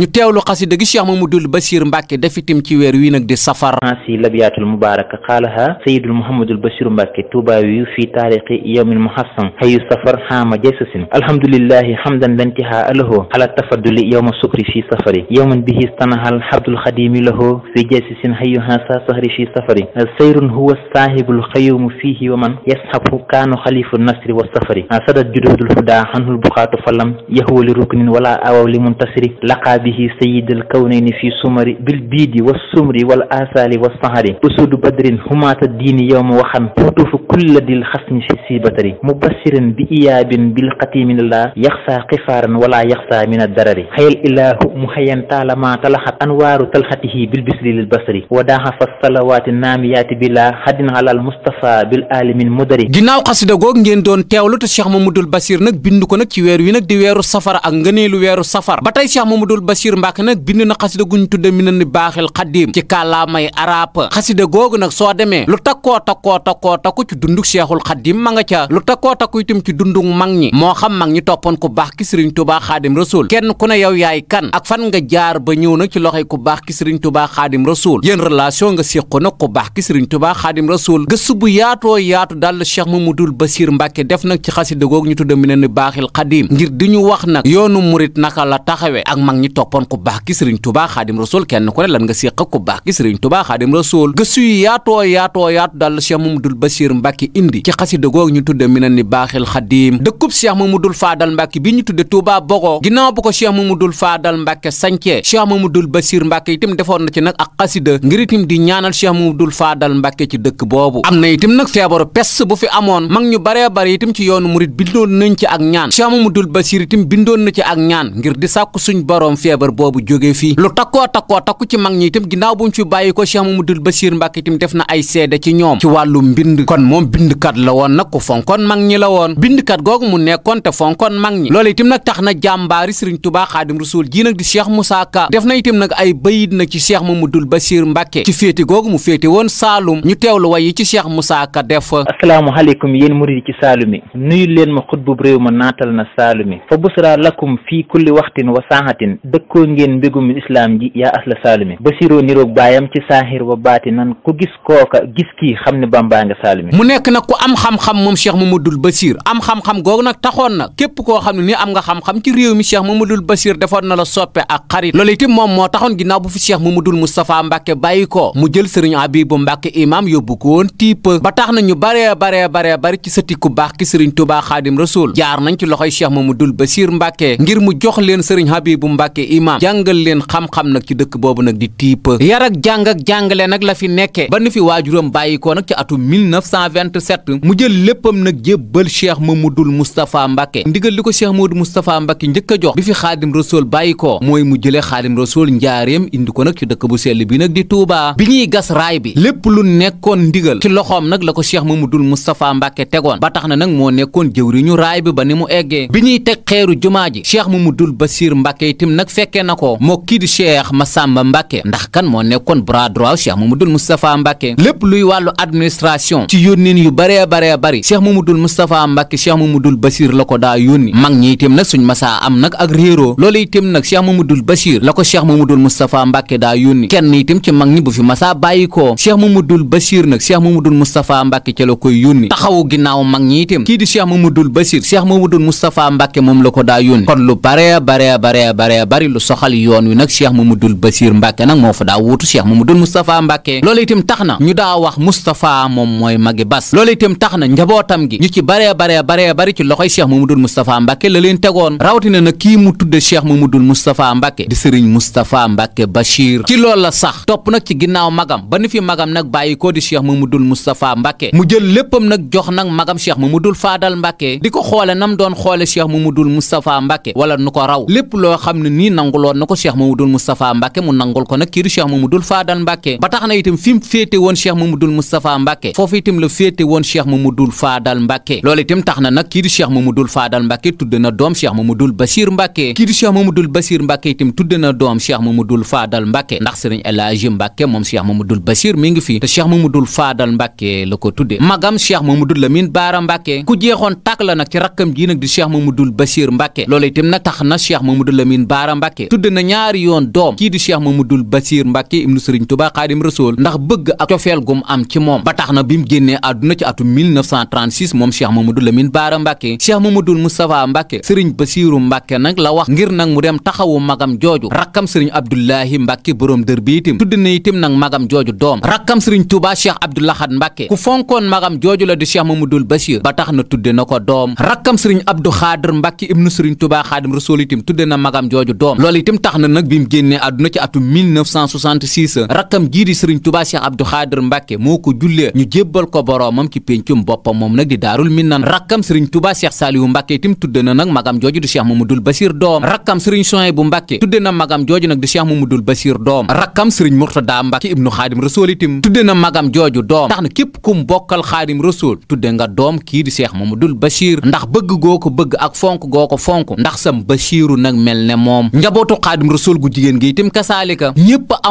الفرنسي الأبيات المباركة قالها سيد محمد البشير مباكي الطوباوي في تاريخ يوم محصن حي صفر عام جيسس الحمد لله حمدا لا انتهاء له على التفضل يوم الشكر في سفري يوما به استنهى الحبد الخديم له في جيسس حي هاسا سهر في سفري سير هو الصاحب الخيوم فيه ومن يسحب كان خليف النصر والسفر سدت جدود الهدى عنه البقاة فلم يهو لركن ولا أو لمنتصر لقى به سيد الكونين في سمر بالبيد والسمر والآس الحسال والصهر أسود بدر هما الدين يوم وخن تطوف كل ذي الخصم في سيبتر مبشر بإياب بالقتي من الله يخفى قفارا ولا يخفى من الدرر حي الإله مهيا طالما طلحت أنوار طلحته بالبسر للبصر وداها فالصلوات الناميات بلا حد على المصطفى بالآل من مدري ginnaaw xasida goog ngeen doon teewlu te Cheikh Mamadou Bassir nag bind ko nag ci weer wi nag di weeru safar ak ngëneelu weeru safar ba tey Cheikh Mamadou Bassir Mbacke nag bind na xasida guñ tudde baaxil xaddiim ci kàllaama damay araap xasida googu nag soo demee lu ta takkoo takkoo ko ci dunduk seexul xaddim ma nga ca lu takkoo takku itam ci dunduk mag ñi moo xam mag ñi toppoon ko baax ki sëriñ tubaa xaadim rasul kenn ku ne yow yaay kan ak fan nga jaar ba ñëw nag ci loxoy ku baax ki sëriñ tubaa xaadim rasul yen relation nga séqu nag ku baax ki sëriñ tubaa xaadim rasul gëstu bu yaatoo yaatu dal cheikh mamadul basir mbàkke def nag ci xasida googu ñu tudda mi ne ni baaxil xadim ngir di ñu wax nag yoonu murit naka la taxawe ak mag ñi toppoon ku baax ki sëriñ tubaa xaadim rasul kenn ku lan nga séq ku baax ki sëriñ tubaa Tuubaa Xaadim Rasuul gëstu yu yaatoo yaatoo yaatu daal la Cheikh Mamadul Basiir Mbàkke indi ci xasida googu ñu tudde minan ni baaxil xadim dëkkub Cheikh Mamadul Faadal Mbàkke bi ñu tudde Tuubaa Bogo ginnaaw bu ko Cheikh Mamadul Faadal Mbàkke sancee Cheikh Mamadul Basiir Mbàkke itam defoon na ci nag ak xasida ngir itam di ñaanal Cheikh dul Faadal Mbàkke ci dëkk boobu am na itam nag feebaru pes bu fi amoon mag ñu baree bare itam ci yoonu murit bindoon nañ ci ak ñaan Cheikh Mamadul Basiir itam bindoon na ci ak ñaan ngir di sàkku suñ boroom feebar boobu jóge fii ko Cheikh Mamadou Bachir Mbacke itam def na ay seede ci ñoom ci wàllu mbind kon moom bindkat la woon nag ku fonkoon mag ñi la woon bindkat googu mu nekkoon te fonkoon mag ñi loolu itam nag tax na jàmbaari Sëriñ Tuubaa Xaadim Rasuul ji nag di Cheikh Moussa Ka def na itam nag ay bayit nag ci Cheikh Mamadou Bachir Mbacke ci féete googu mu féete woon Saalum ñu teewlu way yi ci Cheikh Moussa Ka def asalaamaaleykum yéen murid ci Saalum yi nuyu leen ma xutbub réew ma naatal na Saalum yi fa busra lakum fii kulli waxtin wa saaxatin dëkkoo ngeen mbégum islaam ji yaa asla Saalum yi basiroo niroog baayam ci saahir wa baatinan ku gis kooka gis kii xam ne bambaa nga saalimi mu nekk nag ku am xam-xam moom cheikh mamadul basir am xam-xam googu nag taxoon na képp koo xam ne nii am nga xam-xam ci réew mi seex ma cheikh mamadul basir defoon na la soppe ak xarit loolu itam moom moo taxoon ginnaaw bu fi seex mu dul moustapha mbàkke bàyyi ko mu jël sëriñ abibu mbàkke imaam yóbbu ko woon tiipa ba tax na ñu baree baree baree bari ci sëti ku baax ki sëriñ tubaa xaadim rasul jaar nañ ci loxoy cheikh mamadul basir mbàkke ngir mu jox leen sëriñ abibu mbàkke imaam jàngal leen xam-xam ak jàngale nag la fi nekke ba nu fi waajuram bàyyikoo nag ci atum 1927 mu jël léppam nag jébbal cheikh mamadul moustapha mbàkke ndigal li ko cheikh mamadou moustapha mbàkke njëkk a jox bi fi xaadim rasool bàyyikoo mooy mu jële xaadim rasool njaareem indi ko nag ci dëkk bu sell bi nag di Touba bi ñuy gas raay bi lépp lu nekkoon ndigal ci loxoom nag la ko ma mu dul moustapha mbàkke tegoon ba tax na nag moo nekkoon jëwriñu raay bi ba ni mu eggee bi ñuy teg xeeru jumaa ji cheikh mamadul basir mbàkke itam nag fekkee na ko moo di cheikh masamba mbàkke ndax kan moo nekkoon droit cheikh mamadul moustapha mbàkke lépp luy wàllu administration ci yónnin yu baree baree bari cheikh mamadul moustapha mbàkke cheikh mamadul basir la ko daa yónni mag ñi itam nag suñ masaa am nag ak réeroo loolu itam nag cheikh mamadul basir la ko cheikh mamadul moustapha mbàkke daa yónni kenn itam ci mag ñi bu fi masaa bàyyi ko cheikh la koy yónni taxawu ginnaaw mag ñi itam kii di cheikh mamadul basir cheikh mamadul moustapha mbàkke daa yónni kon lu baree baree Moustapha Mbacke loolu itam tax na ñu daa wax Moustapha moom mooy magi bas loolu itam tax na njabootam gi ñu ci baree baree baree bari ci loxoy Cheikh Mamadou Moustapha Mbacke la leen tegoon rawatina na kii mu tudde Cheikh Mamadou Moustapha Mbacke di sëriñ Moustapha Mbacke Bachir ci loolu la sax topp nag ci ginnaaw magam ba ni fi magam nag bàyyi ko di dul Mamadou Moustapha Mbacke mu jël léppam nag jox nag magam Cheikh dul faadal Mbacke di ko xoole nam doon xoole Cheikh Mamadou Moustapha Mbacke wala nu ko raw lépp loo xam ne nii nanguloon na ko Cheikh Mamadou Moustapha Mbacke mu nangul ko nag kii Mbacke ba tax na itam fi mu féete woon Cheikh Mamadou Moustapha Mbacke foofu itam la féete woon Cheikh Mamadou Fadal Mbacke loolu itam tax na nag kii di Cheikh Mamadou Fadal Mbacke tudd na doom Cheikh Mamadou Bassir Mbacke kii di Cheikh Mamadou Bassir Mbacke itam tudd na doom Cheikh Mamadou Fadal Mbacke ndax Serigne El ma Mbacke moom Cheikh Mamadou Bassir mi ngi fi te Cheikh Mamadou la ko tudde magam Cheikh ma Lamine Baara Mbacke ku jeexoon tàkk la nag ci rakkam ji nag di Cheikh Mamadou Bassir Mbacke loolu itam nag tax na Cheikh Mamadou Lamine Baara Mbacke tudd na ñaari yoon doom kii di Cheikh Mamadou Bassir Mbacke ibnu Serigne Tuubaa Xaadim Rasuul ndax bëgg ak cofeel gum am ci moom ba tax na bi mu génnee àdduna ci atum 1936 moom Cheikh Mamadou Lamine Baara Mbàkke Cheikh Mamadou Moustapha Mbàkke Sëriñ Basiiru Mbàkke nag la wax ngir nag mu dem taxawu magam jooju rakkam Sëriñ Abdoulahi Mbàkke borom dër bi itim tudd na itim nag magam jooju doom rakkam Sëriñ tuba Cheikh Abdou Lahad Mbàkke ku fonkoon magam jooju la di Cheikh dul Basiir ba tax na tudde na ko doom rakkam Sëriñ Abdou Xaadir Mbàkke ibnu Sëriñ Tuubaa Xaadim Rasuul itim tudde na magam jooju doom loolu itim tax na nag bi mu génnee àdduna ci atum 1966 rakkam jiiri sëriñ tubaa cheikh abdou xaadir mbàkke moo ko jullee ñu jébbal ko boroomam ci péncum boppam moom nag di daarul minnan rakkam sëriñ tubaa cheikh saalihu mbàkke itam tudde na nag magam jooju du cheikh mamadul basir doom rakkam sëriñ soye bu mbàkke tudde na magam jooju nag du cheikh mamadul basir doom rakkam sëriñ murtada mbàkke ibnu xaadim rasool tudde na magam jooju doom tax na képp kum bokkal xaadim rasool tudde nga doom kii di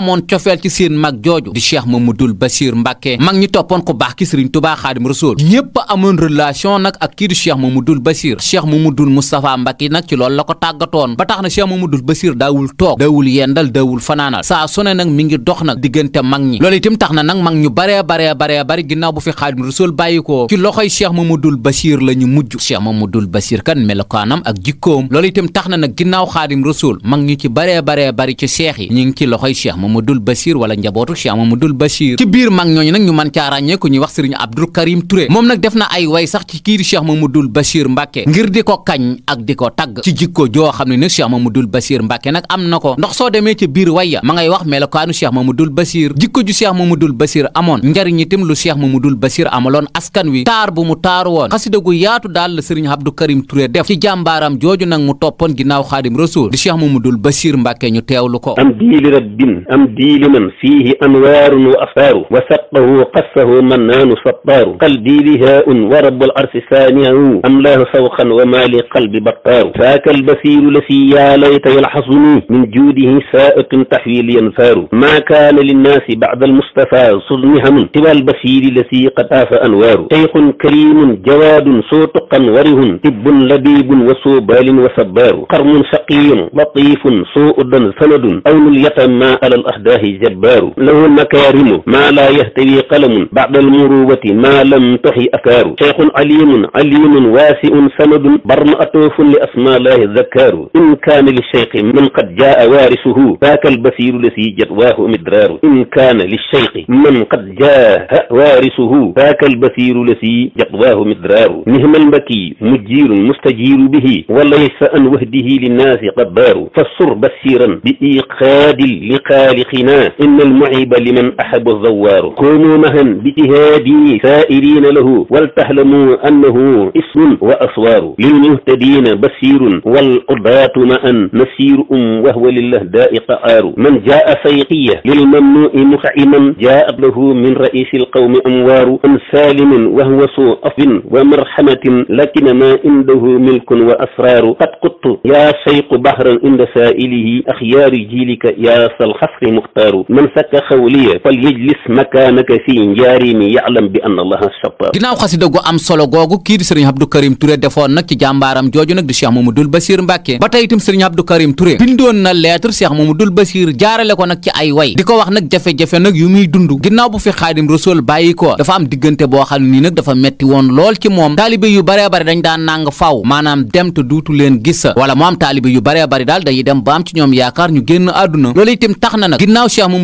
cheikh seen mag jooju di cheikh mamadul bachir mbàkke mag ñi toppoon ko baax ki sëriñ xaadim rasul ñépp amoon relation nag ak kii di cheikh mamadul bachir cheikh mamadul moustapha mbàkke nag ci loolu la ko tàggatoon ba tax na cheikh mamadul bachir daawul toog daawul yendal daawul fanaanal saa nag mi ngi dox nag diggante mag ñi loolu itam tax na nag mag ñu baree baree baree bari ginnaaw bu fi xaadim rasul bàyyi ko ci loxoy cheikh mamadul bachir la ñu mujj cheikh mamadul bachir kan melokaanam ak jikkoom loolu na nag ginnaaw xaadim rasul mag ñu ci baree baree bari ci cheikh yi ñu ngi ci loxoy wala njabootu Cheikh Mamadou Bachir ci biir mag ñooñu nag ñu mën caa ràññee ku ñuy wax sëriñ Abdou Karim Touré moom nag def na ay way sax ci kii di Cheikh Mamadou Bachir Mbacke ngir di ko kañ ak di ko tagg ci jikko joo xam ne nag Cheikh Mamadou Bachir Mbacke nag am na ko ndax soo demee ci biir waya ma ngay wax melokaanu Cheikh Mamadou Bachir jikko ju Cheikh Mamadou Bachir amoon njariñ itam lu Cheikh Mamadou Bachir amaloon askan wi taar bu mu taaru woon xasida gu yaatu daal la sëriñ Abdou Karim def ci jàmbaaram jooju nag mu toppoon ginnaaw Xaadim Rasuul di Cheikh Mamadou Bachir Mbacke ñu teewlu ko am diili rabbin am diili فيه أنوار وأفار وسقه قصه منان سطار قلبي بهاء ورب العرش سامع أملاه سوقا وما لقلب بطار ذاك البصير لسي يا ليت يلحظني من جوده سائق تحويل ينفار ما كان للناس بعد المصطفى صدم هم سوى البصير لسي قطاف أنوار شيخ كريم جواد صوتقا وره طب لبيب وصوبال وصبار قرن شقي لطيف سوء سند أون اليتامى على الأهداه جبار أخبار له مكارم ما لا يهتوي قلم بعد المروبة ما لم تحي أثار شيخ عليم عليم واسع سند برم أطوف لأسماء الله الذكار إن كان للشيخ من قد جاء وارثه ذاك البصير الذي جدواه مدرار إن كان للشيخ من قد جاء وارثه ذاك البصير الذي جدواه مدرار نهم البكي مجير مستجير به وليس أن وهده للناس قبار فالصر بسيرا بإيقاد لقالقنا إن أن المعيب لمن أحب الزوار كونوا معا باجتهادي سائرين له ولتعلموا أنه اسم وأسوار للمهتدين بصير والقضاة معا نسير أم وهو لله داء قعار من جاء سيقية للممنوع مخعما جاءت له من رئيس القوم أموار أم سالم وهو سوء أصل ومرحمة لكن ما عنده ملك وأسرار قد قدت يا شيق بحرا عند سائله أخيار جيلك يا سلخصر مختار من انسك xawliya fal yajlis makaanaka fii njaarimi ya'lam bi anna allaha shattaar ginnaaw xasida gu am solo googu kii di sëriñ Abdou Karim Touré defoon nag ci jàmbaaram jooju nag di Cheikh Mamadou Bassir Mbacke ba tey itam sëriñ Abdou Karim Touré bindoon na lettre Cheikh Mamadou Bassir jaarale ko nag ci ay way di ko wax nag jafe-jafe nag yu muy dund ginnaaw bu fi xaadim rasul bàyyi ko dafa am diggante boo xam ne nii nag dafa metti woon lool ci moom taalibe yu baree bari dañ daan nàng faw maanaam dem te duutu leen gis wala mu am taalibe yu baree bari daal dañuy dem ba am ci ñoom yaakaar ñu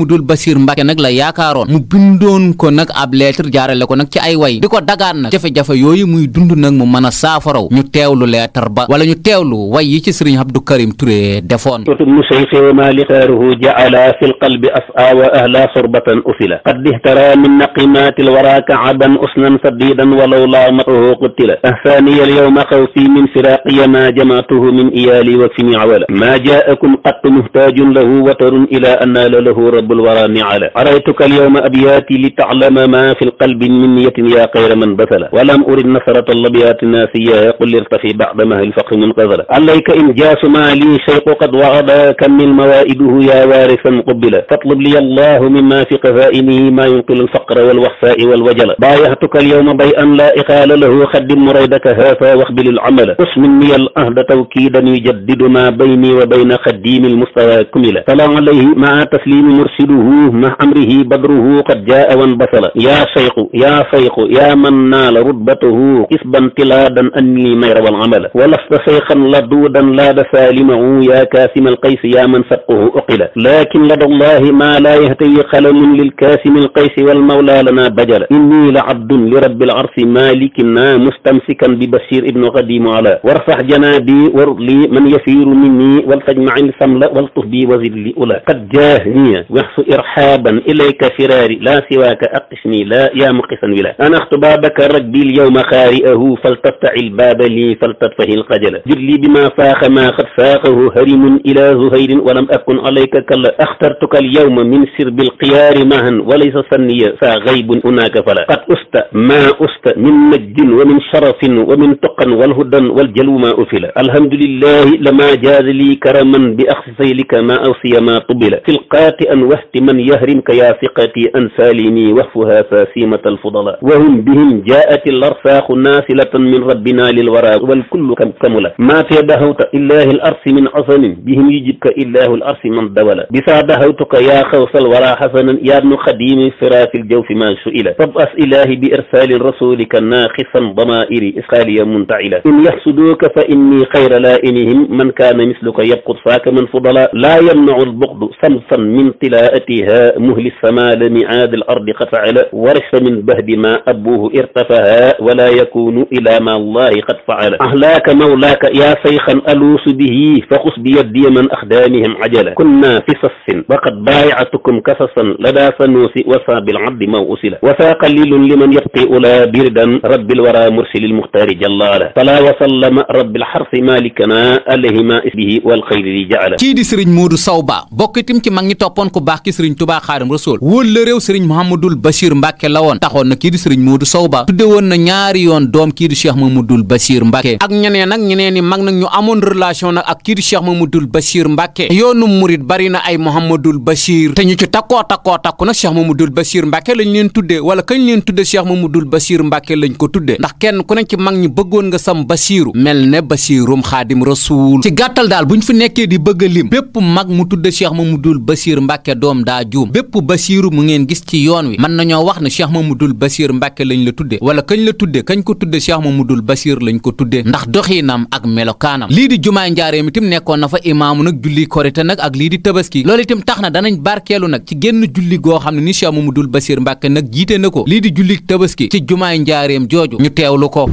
Mouhamadoul Bassir Mbacké nag la yaakaaroon mu bindoon ko nag ab lettre jaarale ko nag ci ay way di ko dagaan nag jafe-jafe yooyu muy dund nag mu mën a saafaraw ñu teewlu lettre ba wala ñu teewlu way yi ci sëriñ Abdou Karim Touré defoon totubnu seyxi wa ma litaaruhu jaala fi lqalbi asa wa ahla surbatan usila qad dihtara min naqimaati lwara kaaban usnan sadidan walaw laa matuhu qutila ahsani alyawma xawfi min firaqiya ma jamaatuhu min iyali wa fini awala ma jaakum qattu muhtajun lahu watarun ila annaala lahu rabb الورى نعلا أريتك اليوم أبياتي لتعلم ما في القلب من نية يا خير من بثلا ولم أرد نصرة الأبيات ناسيا قل ارتخي بعد مهل الفقر منقذلا عليك إن جاس ما لي شيق قد وعدا كم من موائده يا وارثا قبلا فاطلب لي الله مما في قفائنه ما ينقل الفقر والوخفاء والوجل بايعتك اليوم بيئا لا إقال له خدم مريدك هافا واخبل العمل اسمني الأهد توكيدا يجدد ما بيني وبين خديم المستوى كملا فلا عليه مع تسليم مرسي يرسله مع أمره بدره قد جاء وانبسل يا شيخ يا شيخ يا من نال رتبته إسبا تلادا أني المير والعمل ولست شيخا لدودا لا دسالمه يا كاسم القيس يا من سبقه أقل لكن لدى الله ما لا يهتي خلل للكاسم القيس والمولى لنا بجل إني لعبد لرب العرش مالكنا مستمسكا ببشير ابن قديم على وارفع جنابي وارلي من يسير مني ولتجمع السمل والطف بي وزل أولى قد جاهني أقف إرحابا إليك فراري لا سواك أقفني لا يا مقفا ولا أنا اختبابك ركبي اليوم خارئه فلتفتح الباب لي فلتطفه القجل جد لي بما فاخ ما قد فاقه هرم إلى زهير ولم أكن عليك كلا اخترتك اليوم من سرب القيار مهن وليس سنيا فغيب هناك فلا قد أست ما أست من مجد ومن شرف ومن تقى والهدى والجلو ما أفلا الحمد لله لما جاز لي كرما بأخذ سيلك ما أوصي ما قبل في القاتئا وقت من يهرمك يا ثقتي أن سالمي وصفها ساسيمة الفضلاء وهم بهم جاءت الأرساخ ناسلة من ربنا للورى والكل كم كملا ما تدهوت إلاه الأرس من عصن بهم يجبك إله الأرس من دولا بسا دهوتك يا خوص الورى حسنا يا ابن خديم فراس الجوف ما سئل فابأس إلهي بإرسال رسولك ناقصا ضمائر إسخاليا منتعلا إن يحسدوك فإني خير لائنهم من كان مثلك يبقى فاك من فضلا لا يمنع البغض سمسا من طلاء يأتيها مهل السما لمعاد الأرض قد فعل ورث من بهد ما أبوه ارتفها ولا يكون إلى ما الله قد فعل أهلاك مولاك يا شيخا ألوس به فخص بيدي من أخدامهم عجلا كنا في صف وقد بايعتكم كصصا لدى سنوس وصى بالعبد موؤسلا وفا قليل لمن يبقي أولى بردا رب الورى مرسل المختار جلالا فلا وسلم رب الحرف مالكنا عليهما اسبه والخير جعلا kii di Serigne Modou Sow Ba bokk itam ci mag ñi toppoon ku baax ki sëriñ tubaa xaadim rasool wólla réew sëriñ mouhamadul bachir mbàkke la woon taxoon na kii di sëriñ moodu sow ba tudde woon na ñaari yoon doom kii di cheikh mamadul bachir mbàkke ak ñeneen nag ñeneen ni mag nag ñu amoon relation nag ak kii di cheikh mamadul bachir mbàkke yoonu murit bari na ay mouhamadul bachir te ñu ci takkoo takkoo takku nag cheikh mamadul bachir mbàkke lañ leen tudde wala kañ leen tudde cheikh mamadul bachir mbàkke lañ ko tudde ndax kenn ku ne ci mag ñi bëggoon nga sam basiiru mel ne basiirum xaadim rasul ci gàttal daal buñ fi nekkee di bëgg a lim bépp mag mu tudde mu dul bachir mbàkke doom doom daa juum bépp basiiru mu ngeen gis ci yoon wi mën nañoo wax ne mu dul basir mbàkke lañ la tudde wala kañ la tudde kañ ko tudde cheikh dul basir lañ ko tudde ndax doxiinam ak melokaanam lii di jumaay njaareem itam nekkoon na fa imaamu nag julli korite nag ak lii di tabaski loolu itam tax na danañ barkeelu nag ci génn julli goo xam ne ni cheikh mamadul basir mbàkke nag jiite na ko lii di julli tabaski ci jumaay njaareem jooju ñu teewlu ko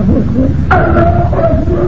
الله أكبر الله أكبر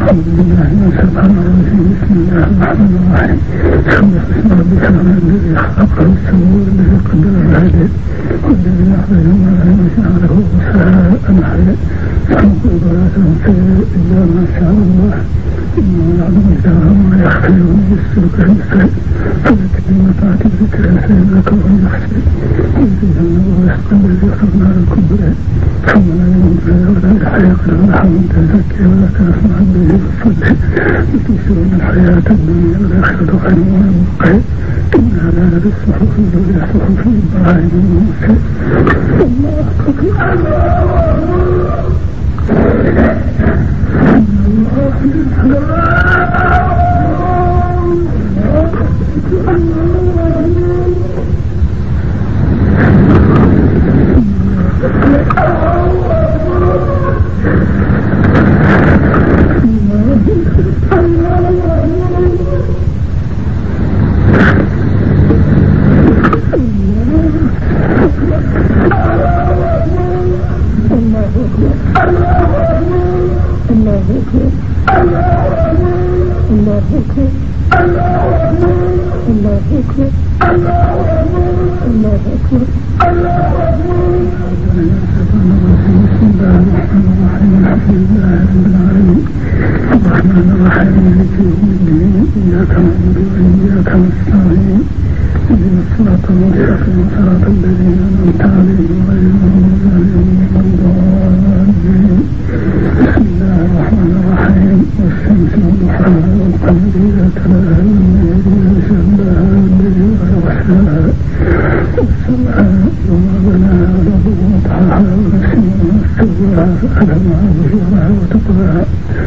الحمد لله سبحان ربي بسم الله الرحمن الرحيم الحمد لله رب العالمين الذي خلق السماء والذي قدر الهدى قدر الأعمال وما لم يجعله وساء محلا الحمد لله سيء إلا ما شاء الله إنه يعلم الجهر وما يخفي وما يسر كالمثال فذكر بما تعت الذكر فإنك وما يخفي وإذا الله يحق الذي خلقنا الكبرى ثم لا يموت ولا يحيق ولا حول ولا قوة إلا بالله لتبصرن الحياة الدنيا والآخرة خير وأبقى إن هذا لفي الصحف الأولى صحف إبراهيم وموسى الله Oh الصراط المستقيم صراط الذين أنعمت عليهم غير المغضوب عليهم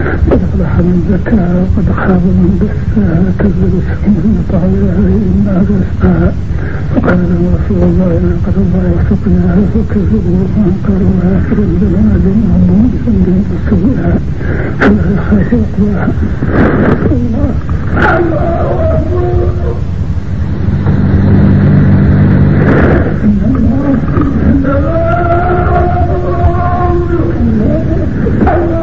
قد أفلح من زكاها وقد خاب من دساها كذب السكينة من طعامها إنها دساها فقال لهم رسول الله ناقة الله وسقناها فكذبوه فأنكروها فردنا دمهم بذنبهم فسوها فلا يخاف عقباها الله الله أكبر الله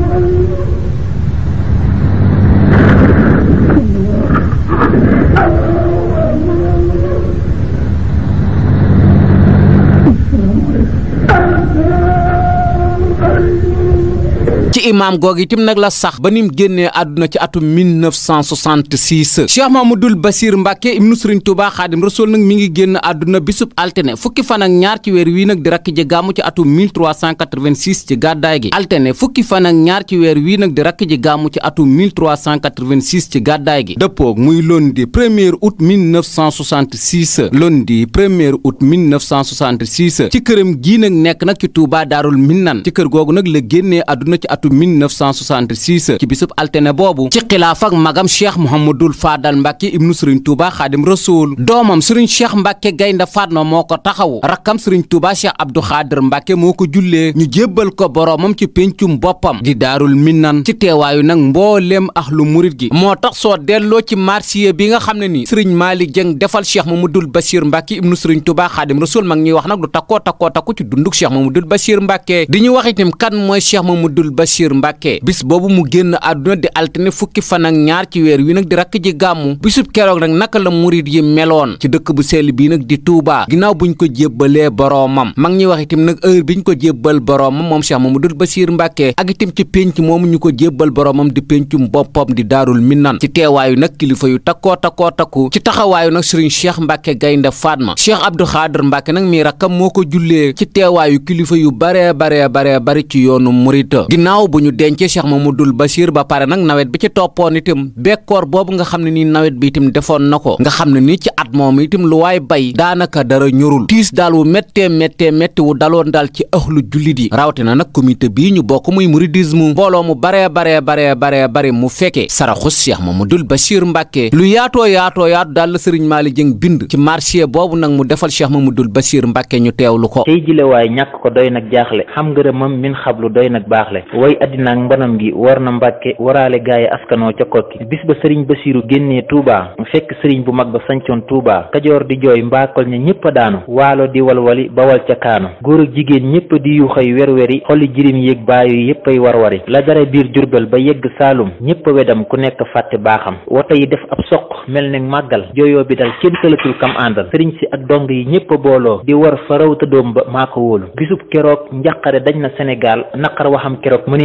ci imaam googu itam nag la sax ba nim génnee àdduna ci atum 1966 Cheikh Mamadul Basir Mbàkke ibnu Sëriñ Tuubaa Xaadim Rasuul nag mi ngi génn àdduna bisub altine fukki fanak ak ñaar ci weer wii nag di rakk ji gàmmu ci atum 1386 ci gàddaay gi altine fukki fan ak ñaar ci weer wii nag di rakk ji gàmmu ci atum 1386 ci gàddaay gi dëppoog muy lundi 1er août 1966 lundi 1er août 1966 ci këram gii nag nekk nag ci Tuubaa Daarul Minnan ci kër googu nag la génnee àdduna ci atum 1966 ci bisub ne boobu ci xilaaf ak magam cheikh mouhamadul faadal mbàkke ibnu sëriñ tuuba xaadim rasuul doomam sëriñ cheikh mbàkke gaynde fatma moo ko taxawu rakkam sëriñ tuuba cheikh abdou xaadir mbàkke moo ko jullee ñu jébbal ko boroomam ci pencum boppam di daarul minnan ci teewaayu nag mbooleem axlu murit gi moo tax soo delloo ci marsiye bi nga xam ne ni sëriñ maalik jëng defal cheikh mamadul basir mbàkke ibnu sëriñ tuuba xaadim rasuul mag ñuy wax nag lu takkoo takkoo takku ci dunduk cheikh mamadul basir mbàkke di ñu wax itam kan mooy cheikh mamadul Bachir Mbacke bis boobu mu génn àdduna di altine fukki fan ak ñaar ci weer wi nag di rakk ji gàmmu bisub keroog nag naka la murit yi meloon ci dëkk bu sell bii nag di Touba ginnaaw buñ ko jébbalee boroomam mag ñi wax itam nag heure biñ ko jébbal boroomam moom seex Cheikh Mamadou Bachir Mbacke ak itam ci pénc moomu ñu ko jébbal boroomam di péncum boppam di daarul minnan ci teewaayu nag kilifa yu takkoo takkoo takku ci taxawaayu nag sëriñ Cheikh Mbacke Gaynde Fatma Cheikh Abdou Khader Mbacke nag mi rakkam moo ci teewaayu kilifa yu bare bu ñu dencee mu Mamadul Bachir ba pare nag nawet bi ci toppoon itam bekkoor boobu nga xam ne nii nawet bi itam defoon na ko nga xam ne nii ci at moom itam lu waaye bay daanaka dara ñorul tiis daal wu méttee méttee métti wu daloon daal ci ëxlu jullit yi rawatina nag comité bii ñu bokk muy mouridisme mbooloo mu baree baree baree bare bare mu fekkee saraxus Cheikh Mamadul Bachir Mbàkke lu yaatoo yaatoo yaatu daal la sëriñ Maali Jëng bind ci marché boobu nag mu defal Cheikh Mamadul Bachir Mbàkke ñu teewlu ko tey jile waaye ñàkk ko doy nag jaaxle xam ngërëmam min xablu doy addinaak mbanam gi war na mbàkke waraale gaaye askanoo ca kokki bis ba sëriñ basiiru génnee tuubaa fekk sëriñ bu mag ba sancoon tuubaa kajoor di jooy mbaakol ña a daanu waalo di walwali bawal ca kaanu góor ak jigéen ñépp di yuuxay werweri xoli jirim yéeg baayu yéppay warwari la dara biir jurbel ba yegg saalum ñépp a wedam ku nekk fàtte baaxam woto yi def ab soq mel ne màggal jooyoo bi dal kenn këlatul kam àndal sëriñ si ak dong yi ñépp a booloo di war fa rawta doom ba maa ko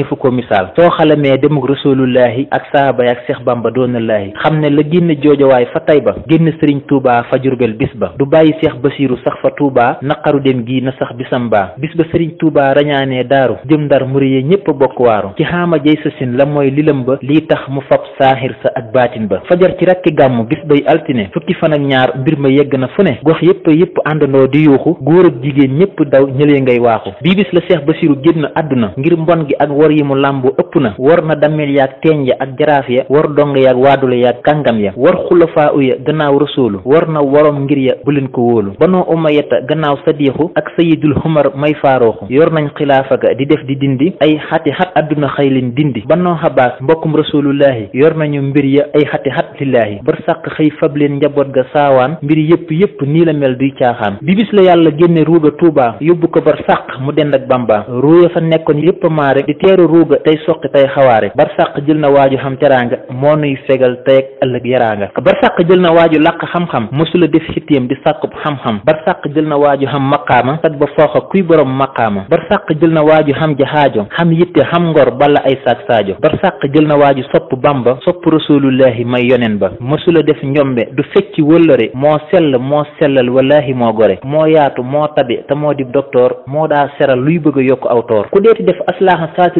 mëneefu ko misaal soo xalamee demuk rasulullahi ak saaba yi ak seex bamba doonallaahi xam ne la génn joojowaay fa tay ba génn sëriñ tuuba fa jurbel bis ba du bàyyi seex basiiru sax fa tuuba naqaru dem gi na sax bisam baa bis ba sëriñ tuuba rañaanee daaru jëm ndar muriyee ñépp bokk waaru ci xaama jay sa sin la mooy lilam ba lii tax mu fab saaxir sa ak baatin ba fajar ci rakki gàmm bis bay altine fukki fan ak ñaar mbir ma yegg na fu ne gox yépp yépp àndandoo di yuuxu góor ak jigéen yi mu làmbu ëpp na war na dammel yaag teeñ ya ak jaraaf ya war dong yaag waadula yaag kàngam ya war xulafaa u ya gannaaw rasuulu war na waroom ngir ya bu leen ko wóolu banoo umayata gannaaw sadiixu ak sayidul xumar may faarooxu yor nañ xilaafa ga di def di dindi ay xati xat xëy leen dindi banoo xabaas mbokkum rasulullahi yor nañu mbir ya ay xati xat lillaahi bar sàq xëy fab leen njaboot ga saawaan mbir yëpp yëpp nii la mel duy caaxaan bi bis la yàlla génne ruuga ko bar sàq mu dend ak ruuga tey soqi tey xawaare barsàq jël na waaju xam teraanga moo nuy fegal tey ak ëllëg yaraanga barsàq jël na waaju làq xam-xam mësula def xitteem di sàkkub xam-xam barsàq jël na waaju xam maqaama sat ba fooxa kuy borom maqaama barsàq jël na waaju xam xaajo xam yitte xam ngor bala ay saak saajo barsàq jël na waaju sopp bamba sopp rasulullahi may yoneen ba mësula def njombe du fecci wëllëre moo sell moo sellal wallahi moo gore moo yaatu moo tabe te moo dib docteur moo daa seral luy bëgg a yokk aw toor ku deeti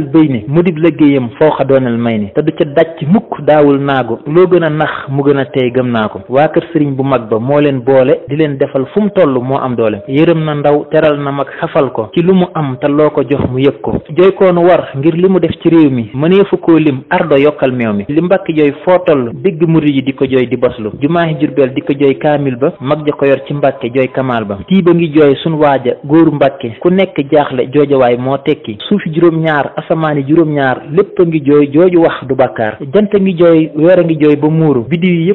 bay ni mu dib liggéeyam fooxa doonal may ni te du ca dàcc mukk daawul naago loo gën a nax mu gën a tey gëm naa ko waa kër sëriñ bu mag ba moo leen boole di leen defal fu mu toll moo am doole yërëm na ndaw teral na mag xafal ko ci lu mu am te loo ko jox mu yëg ko jooy koonu war ngir li mu def ci réew mi mëneefu koo lim ardo yokkal meew mi li mbakki jooy foo toll dégg mu yi di ko jooy di boslu jumaahi jurbeel di ko jooy kaamil ba mag ja ko yor ci mbàkke jooy kamaal ba tiiba ngi jooy sun góoru mbàkke ku nekk jaaxle joojawaay moo asamaan yi juróom-ñaar lépp a ngi jooy jooju a ngi jooy weer a ngi jooy ba muuru biddiw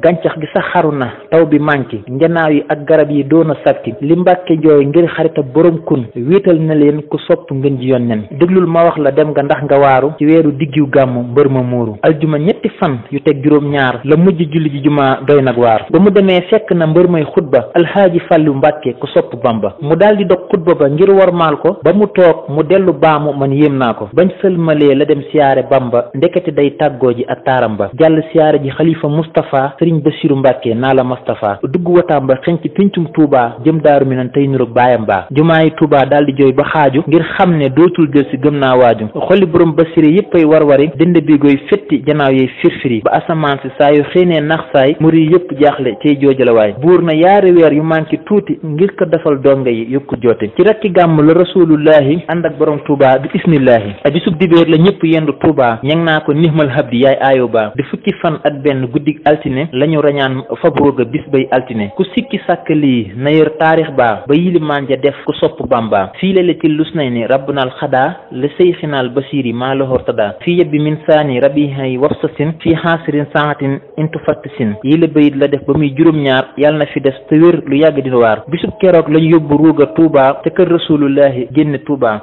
gàncax gi sax xaru na taw bi manqué njanaaw yi ak garab yi doon a sakki li mbàkke jooy ngir xarita borom kun wéetal na leen ku sopp ngën ji yoon nen déglul ma wax la dem nga ndax nga waaru ci weeru diggiw gàmm mbër ma muuru aljuma ñetti fan yu teg juróom-ñaar la mujj julli ji juma nag waaru ba mu demee fekk na mbër may xutba alxaaji fàllu mbàkke ku sopp bamba mu daldi dog xutba ba ngir wormaal ko ba mu toog mu dellu baamu ginnaaw man yéem naa ko bañ sëlmalee la dem siyaare bamba ndekete day tàggoo ji ak ba jàll siyaare ji xalifa mustapha sëriñ basiru mbàkke naa la mustapha dugg wataam ba xenc pincum tuuba jëm daaru mi nan tey nurug baayam baa jumaayi tuuba daal di jooy ba xaaju ngir xam ne dootul jël si gëm naa waaju xoli borom basiri yëppay warwari dënd bi goy fetti janaaw yoy firfiri ba asamaan si saa yu xëynee nax saay muri yëpp jaaxle cay joojalawaay buur na yaari weer yu manqué tuuti ngir ko defal donga yi yëkku joote ci rakki gàmm la rasulullahi ànd ak borom tuuba bi ismillahi aji sub dibéer la ñëpp yendu Tuuba ñang naa ko nihmal habdi yaay aayuba di fukki fan ak benn guddig altine la ñu rañaan fabroga bis bay altine ku sikki sàkk lii na yor taarix ba ba yilimaan ja def ku sopp bamba fii la le til lus nay ni rabbunal xadaa la seyxinaal basiiri maa loxoor tadaa fii yebbi min saani rabihay wabsasin fii xaasirin saatin intu fattisin yi la bayit la def ba muy juróom-ñaar yàlla na fi des te wér lu yàgg dina waar bisub keroog la ñu yóbbu ruuga Tuuba te kër rasulullahi génne Tuuba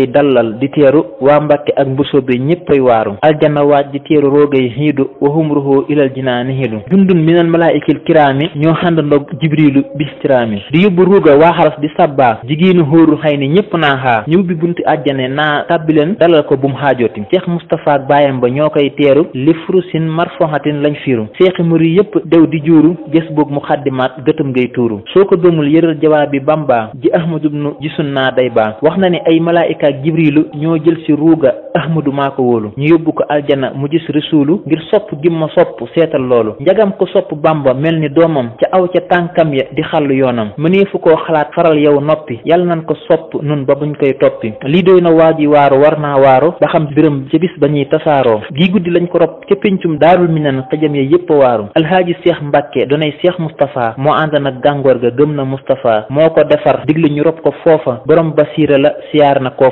koy dallal di teeru waa mbakke ak mbuso bi ñëppay waaru aljanna waaj di teeru roogay xiidu wahum ruhu ilal jinaani xiidu jundun minal malaayikil kiraami ñoo xàndandog jibrilu bistiraami di yóbbu ruuga waa xaras di sabbaa jigéenu xóoru xay ni ñëpp naa xaa ñu bi bunti àjjane naa tàbbi leen dalal ko bum xaajooti seex mustapha ak baayam ba ñoo koy teeru li furusin marfoxatin lañ fiiru seexi muri yëpp dew di juuru gës boog mu xaddimaat gëtëm ngay tu soo ko dóomul ak jibrilu ñoo jël si ruuga ahmadu maa ko wóolu ñu yóbbu ko aljana mu gis rasuulu ngir sopp gi ma sopp seetal loolu njagam ko sopp bamba mel ni doomam ca aw ca tànkam ya di xàll yoonam mëneefu koo xalaat faral yow noppi yàlla nañ ko sopp nun ba buñ koy toppi lii doy na waaji waaru war naa waaru ba xam biram ca bis ba ñuy tasaaroo gi guddi lañ ko rob ca péncum daarul minan xëjam ya yépp waaru alhaaji seex mbàkke donay seex mustapha moo ànd ga gëm na mustapha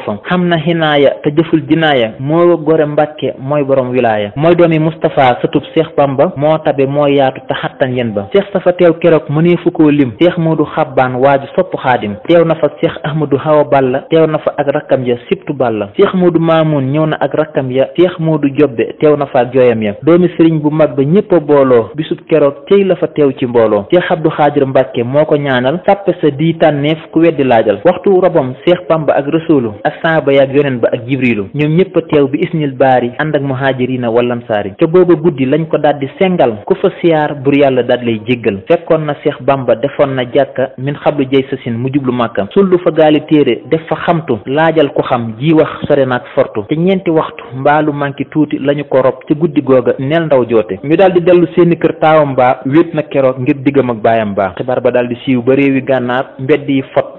boppam xam na xinaaya te jëful jinaaya moo gore mbàkke mooy borom wilaaya mooy doomi Moustapha sëtub Seex Bamba moo tabe moo yaatu te xattan yen ba seex safa teew keroog mëneefu koo lim seex Moodu Xabbaan waaju sopp xaadim teew na fa seex Ahmadu Hawa Balla teew na fa ak rakkam ya sibtu Balla seex Moodu Maamun ñëw na ak rakkam ya seex Moodu Jobbe teew na fa ak jooyam ya doomi sëriñ bu mag ba ñépp a booloo bisub keroog tey la fa teew ci mbooloo seex Abdu Xaadir Mbàkke moo ko ñaanal sàppe sa di tànneef ku weddi ak saaba yaak yonen ba ak jibrilu ñoom ñépp a teew bi isnil baari ànd ak muhaajirina walansaari ca booba guddi lañ ko daal di sengal ku fa siyaar bur yàlla daal lay jéggal fekkoon na seex bamba defoon na jàkka min xablu jay sa sin mu jublu màkka sullu fa gaali téere def fa xamtu laajal ko xam ji wax sore naak fortu te ñeenti waxtu mbaalu manki tuuti lañu ko rob ci guddi googa neel ndaw joote ñu daal di dellu seeni kër taawam baa wéet na keroog ngir diggam ak baayam baa xibaar ba daal di siiw ba réewi gànnaar mbedd yi fot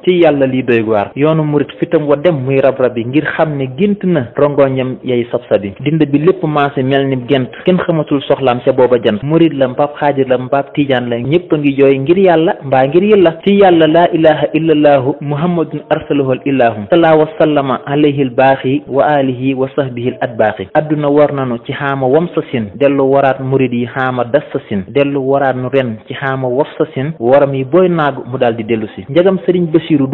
muy rab rab yi ngir xam ne gént na rongoñam yay sab-sabi dind bi lépp maasé mel ni gént kenn xamatul soxlaam ca booba jant murid la mbaab xaadir la mbaab tiijaan la ñépp a ngi jooy ngir yàlla mbaa ngir yàlla ci yàlla laa ilaha illa allaahu muhammadun arsalahul ilaahu salaa wa sallama alayhi l baaxi wa alihi wa sahbihi l atbaaxi adduna war nanu ci xaama wam sa sin dellu waraat murid yi xaama das sa sin dellu waraat nu ren ci xaama waf sa sin waram yi booy naagu mu daal di dellu si njagam sëriñ basiru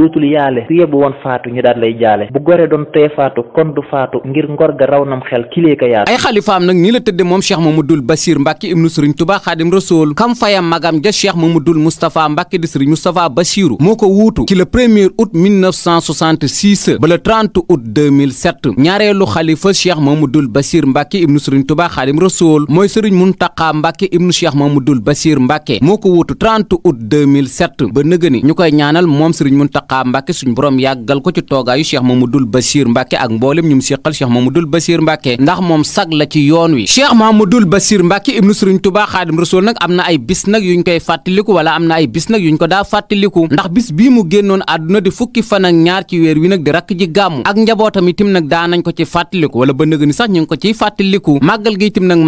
bu gore doon tee faatu kon du faatu ngir ngor ga raw nam xel kilee ko yaatu ay xalifaam nag nii la tëdde moom cheikh mamadul basir mbàkke ibnu sëriñ tuba xaadim rasool kam fayam magam ja cheikh mamadul moustapha mbàkke di sëriñ moustapha basiru moo ko wuutu ci le premier août 1966 ba le 30 août 2007 ñaareelu xalifa cheikh mamadul basir mbàkke ibnu sëriñ tuba xaadim rasool mooy sëriñ muntaqa mbàkke ibnu cheikh mamadul basir moo ko wuutu 30 août 2007 ba nëgëni ñu koy ñaanal moom sëriñ muntaqa mbàkke suñu borom yàggal ko ci toogaayu cheikh mamadul Mamadul Bachir Mbacke ak mboolem ñu mu séqal Cheikh Mamadul Bachir Mbacke ndax moom sag la ci yoon wi Cheikh Mamadul Bachir Mbacke ibnu Sëriñ Xaadim Rasuul nag am na ay bis yuñ koy fàttaliku wala am na ay bis yuñ ko daa fàttaliku ndax bis bii mu génnoon àdduna di fukki fan ak ñaar ci weer wi nag di rakk ji gàmmu ak njabootam itam nag daa ko ci fàttaliku wala ba nëgëni sax ñu ko ciy fàttaliku màggal gi itam nag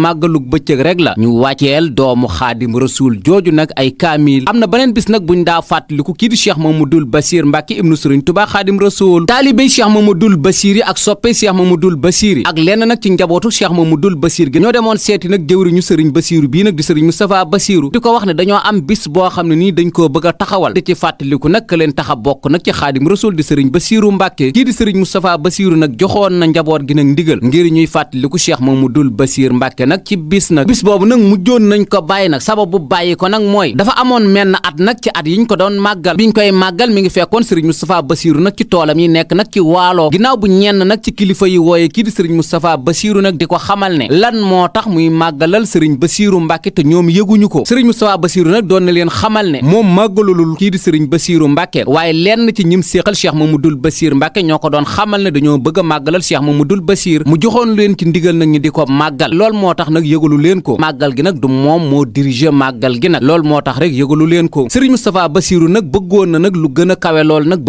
bëccëg rek la ñu wàcceel doomu Xaadim Rasuul jooju nag ay kaamil am na beneen bis nag buñ daa fàttaliku kii di Cheikh Mamadul Bachir Mbacke ibnu Sëriñ Tuubaa Xaadim Rasuul taalibey Cheikh Mamadou Bassiri ak soppe Cheikh Mamadou Bassiri ak lenn nag ci njabootu Cheikh Mamadou Bassir gi ñoo demoon seeti nag jëwriñu sëriñ Bassiru bii nag di sëriñ Moustapha Bassiru di ko wax ne dañoo am bis boo xam ne nii dañ koo bëgg a taxawal di ci fàttaliku nag leen tax a bokk nag ci xaadim rasul di sëriñ Bassiru Mbàkke kii di sëriñ Moustapha Bassiru nag joxoon na njaboot gi nag ndigal ngir ñuy fàttaliku Cheikh Mamadou Bassir Mbàkke nag ci bis nag bis boobu nag mujjoon nañ ko bàyyi nag sababu bàyyi ko nag mooy dafa amoon menn at nag ci at yiñ ko doon màggal biñ koy màggal mi ngi fekkoon sëriñ Moustapha Bassiru nag ci toolam yi nekk nag ci waalo ginnaaw bu ñenn nag ci kilifa yi wooye kii di sëriñ Moustapha Bassirou nag di ko xamal ne lan moo tax muy màggalal sëriñ Bassirou Mbàkke te ñoom yëguñu ko sëriñ Moustapha Bassirou nag doon na leen xamal ne moom màggalulul kii di sëriñ Bassirou Mbàkke waaye lenn ci ñim séexal Cheikh Mamadou Bassir Mbàkke ñoo ko doon xamal ne dañoo bëgg a màggalal Cheikh Mamadou Bassir mu joxoon leen ci ndigal nag ñu di ko màggal lool moo tax nag yëgalu leen ko màggal gi nag du moom moo diriger màggal gi nag lool moo tax rek yëgalu leen ko sëriñ Moustapha Bassirou nag bëggoon nag lu gën a kawe lool nag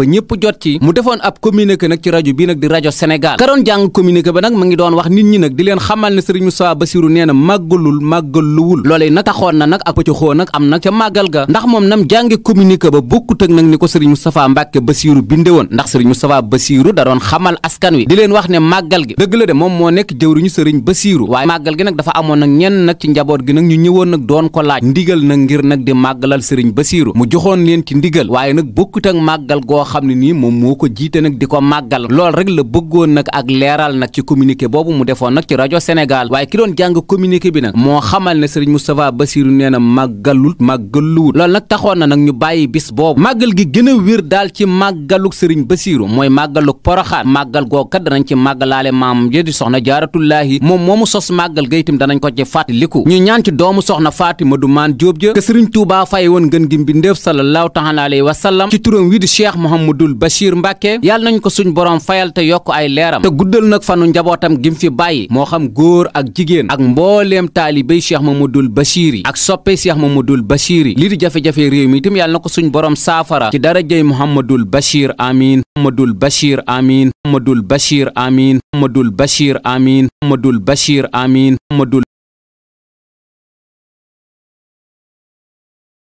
ci rajo bii nag di rajo Sénégal ka doon jàng communiqué ba nag mu ngi doon wax nit ñi nag di leen xamal ne Serigne Moustapha Bassirou nee na màggalul lool loolee nag taxoon na nag ak pëccaxoo nag am nag ca màggal ga ndax moom nam jànge communiqué ba bokkut nag ni ko Serigne Moustapha Mbacke Bassirou binde woon ndax Serigne Moustapha Bassirou da doon xamal askan wi di leen wax ne màggal gi dëgg la de moom moo nekk jëwriñu Serigne Bassirou waaye màggal gi nag dafa amoon nag ñenn nag ci njaboot gi nag ñu ñëwoon nag doon ko laaj ndigal nag ngir nag di màggalal Serigne Bassirou mu joxoon leen ci ndigal waaye nag bokkut ak màggal goo xam ne nii moom ko jiite nag di ko màgg màggal loolu rek la bëggoon nag ak leeral nag ci communiqué boobu mu defoon nag ci rajo Sénégal waaye ki doon jàng communiqué bi nag moo xamal ne Serigne Moustapha Bassirou nee na màggalul màggaluwut loolu nag taxoon na nag ñu bàyyi bis boobu màggal gi gën a wér daal ci màggaluk Serigne Bassirou mooy màggaluk Poroxaan màggal googu kat danañ ci màggalaale maam ji di soxna jaaratullaahi moom moo moomu sos màggal ga itam danañ ko ci fàttaliku ñu ñaan ci doomu soxna Fatima du maan Jóob ja ke Serigne Touba woon ngën gi mbindéef sallallahu taala alayhi wa sallam ci turam wi di Cheikh Mouhamadoul Bachir borom fayal te yokk ay leeram te guddal nag fanu njabootam gim fi bàyyi moo xam góor ak jigéen ak mbooleem taalibey cheikh mamadul bachir yi ak soppe cheikh mamadul bachir yi lii di jafe-jafe réew mi itam yàlla na ko suñ borom saafara ci darajey muhammadul bachir amin muhammadul bachir amin muhammadul bachir amin muhammadul bachir amin muhammadul bachir amin muhammadul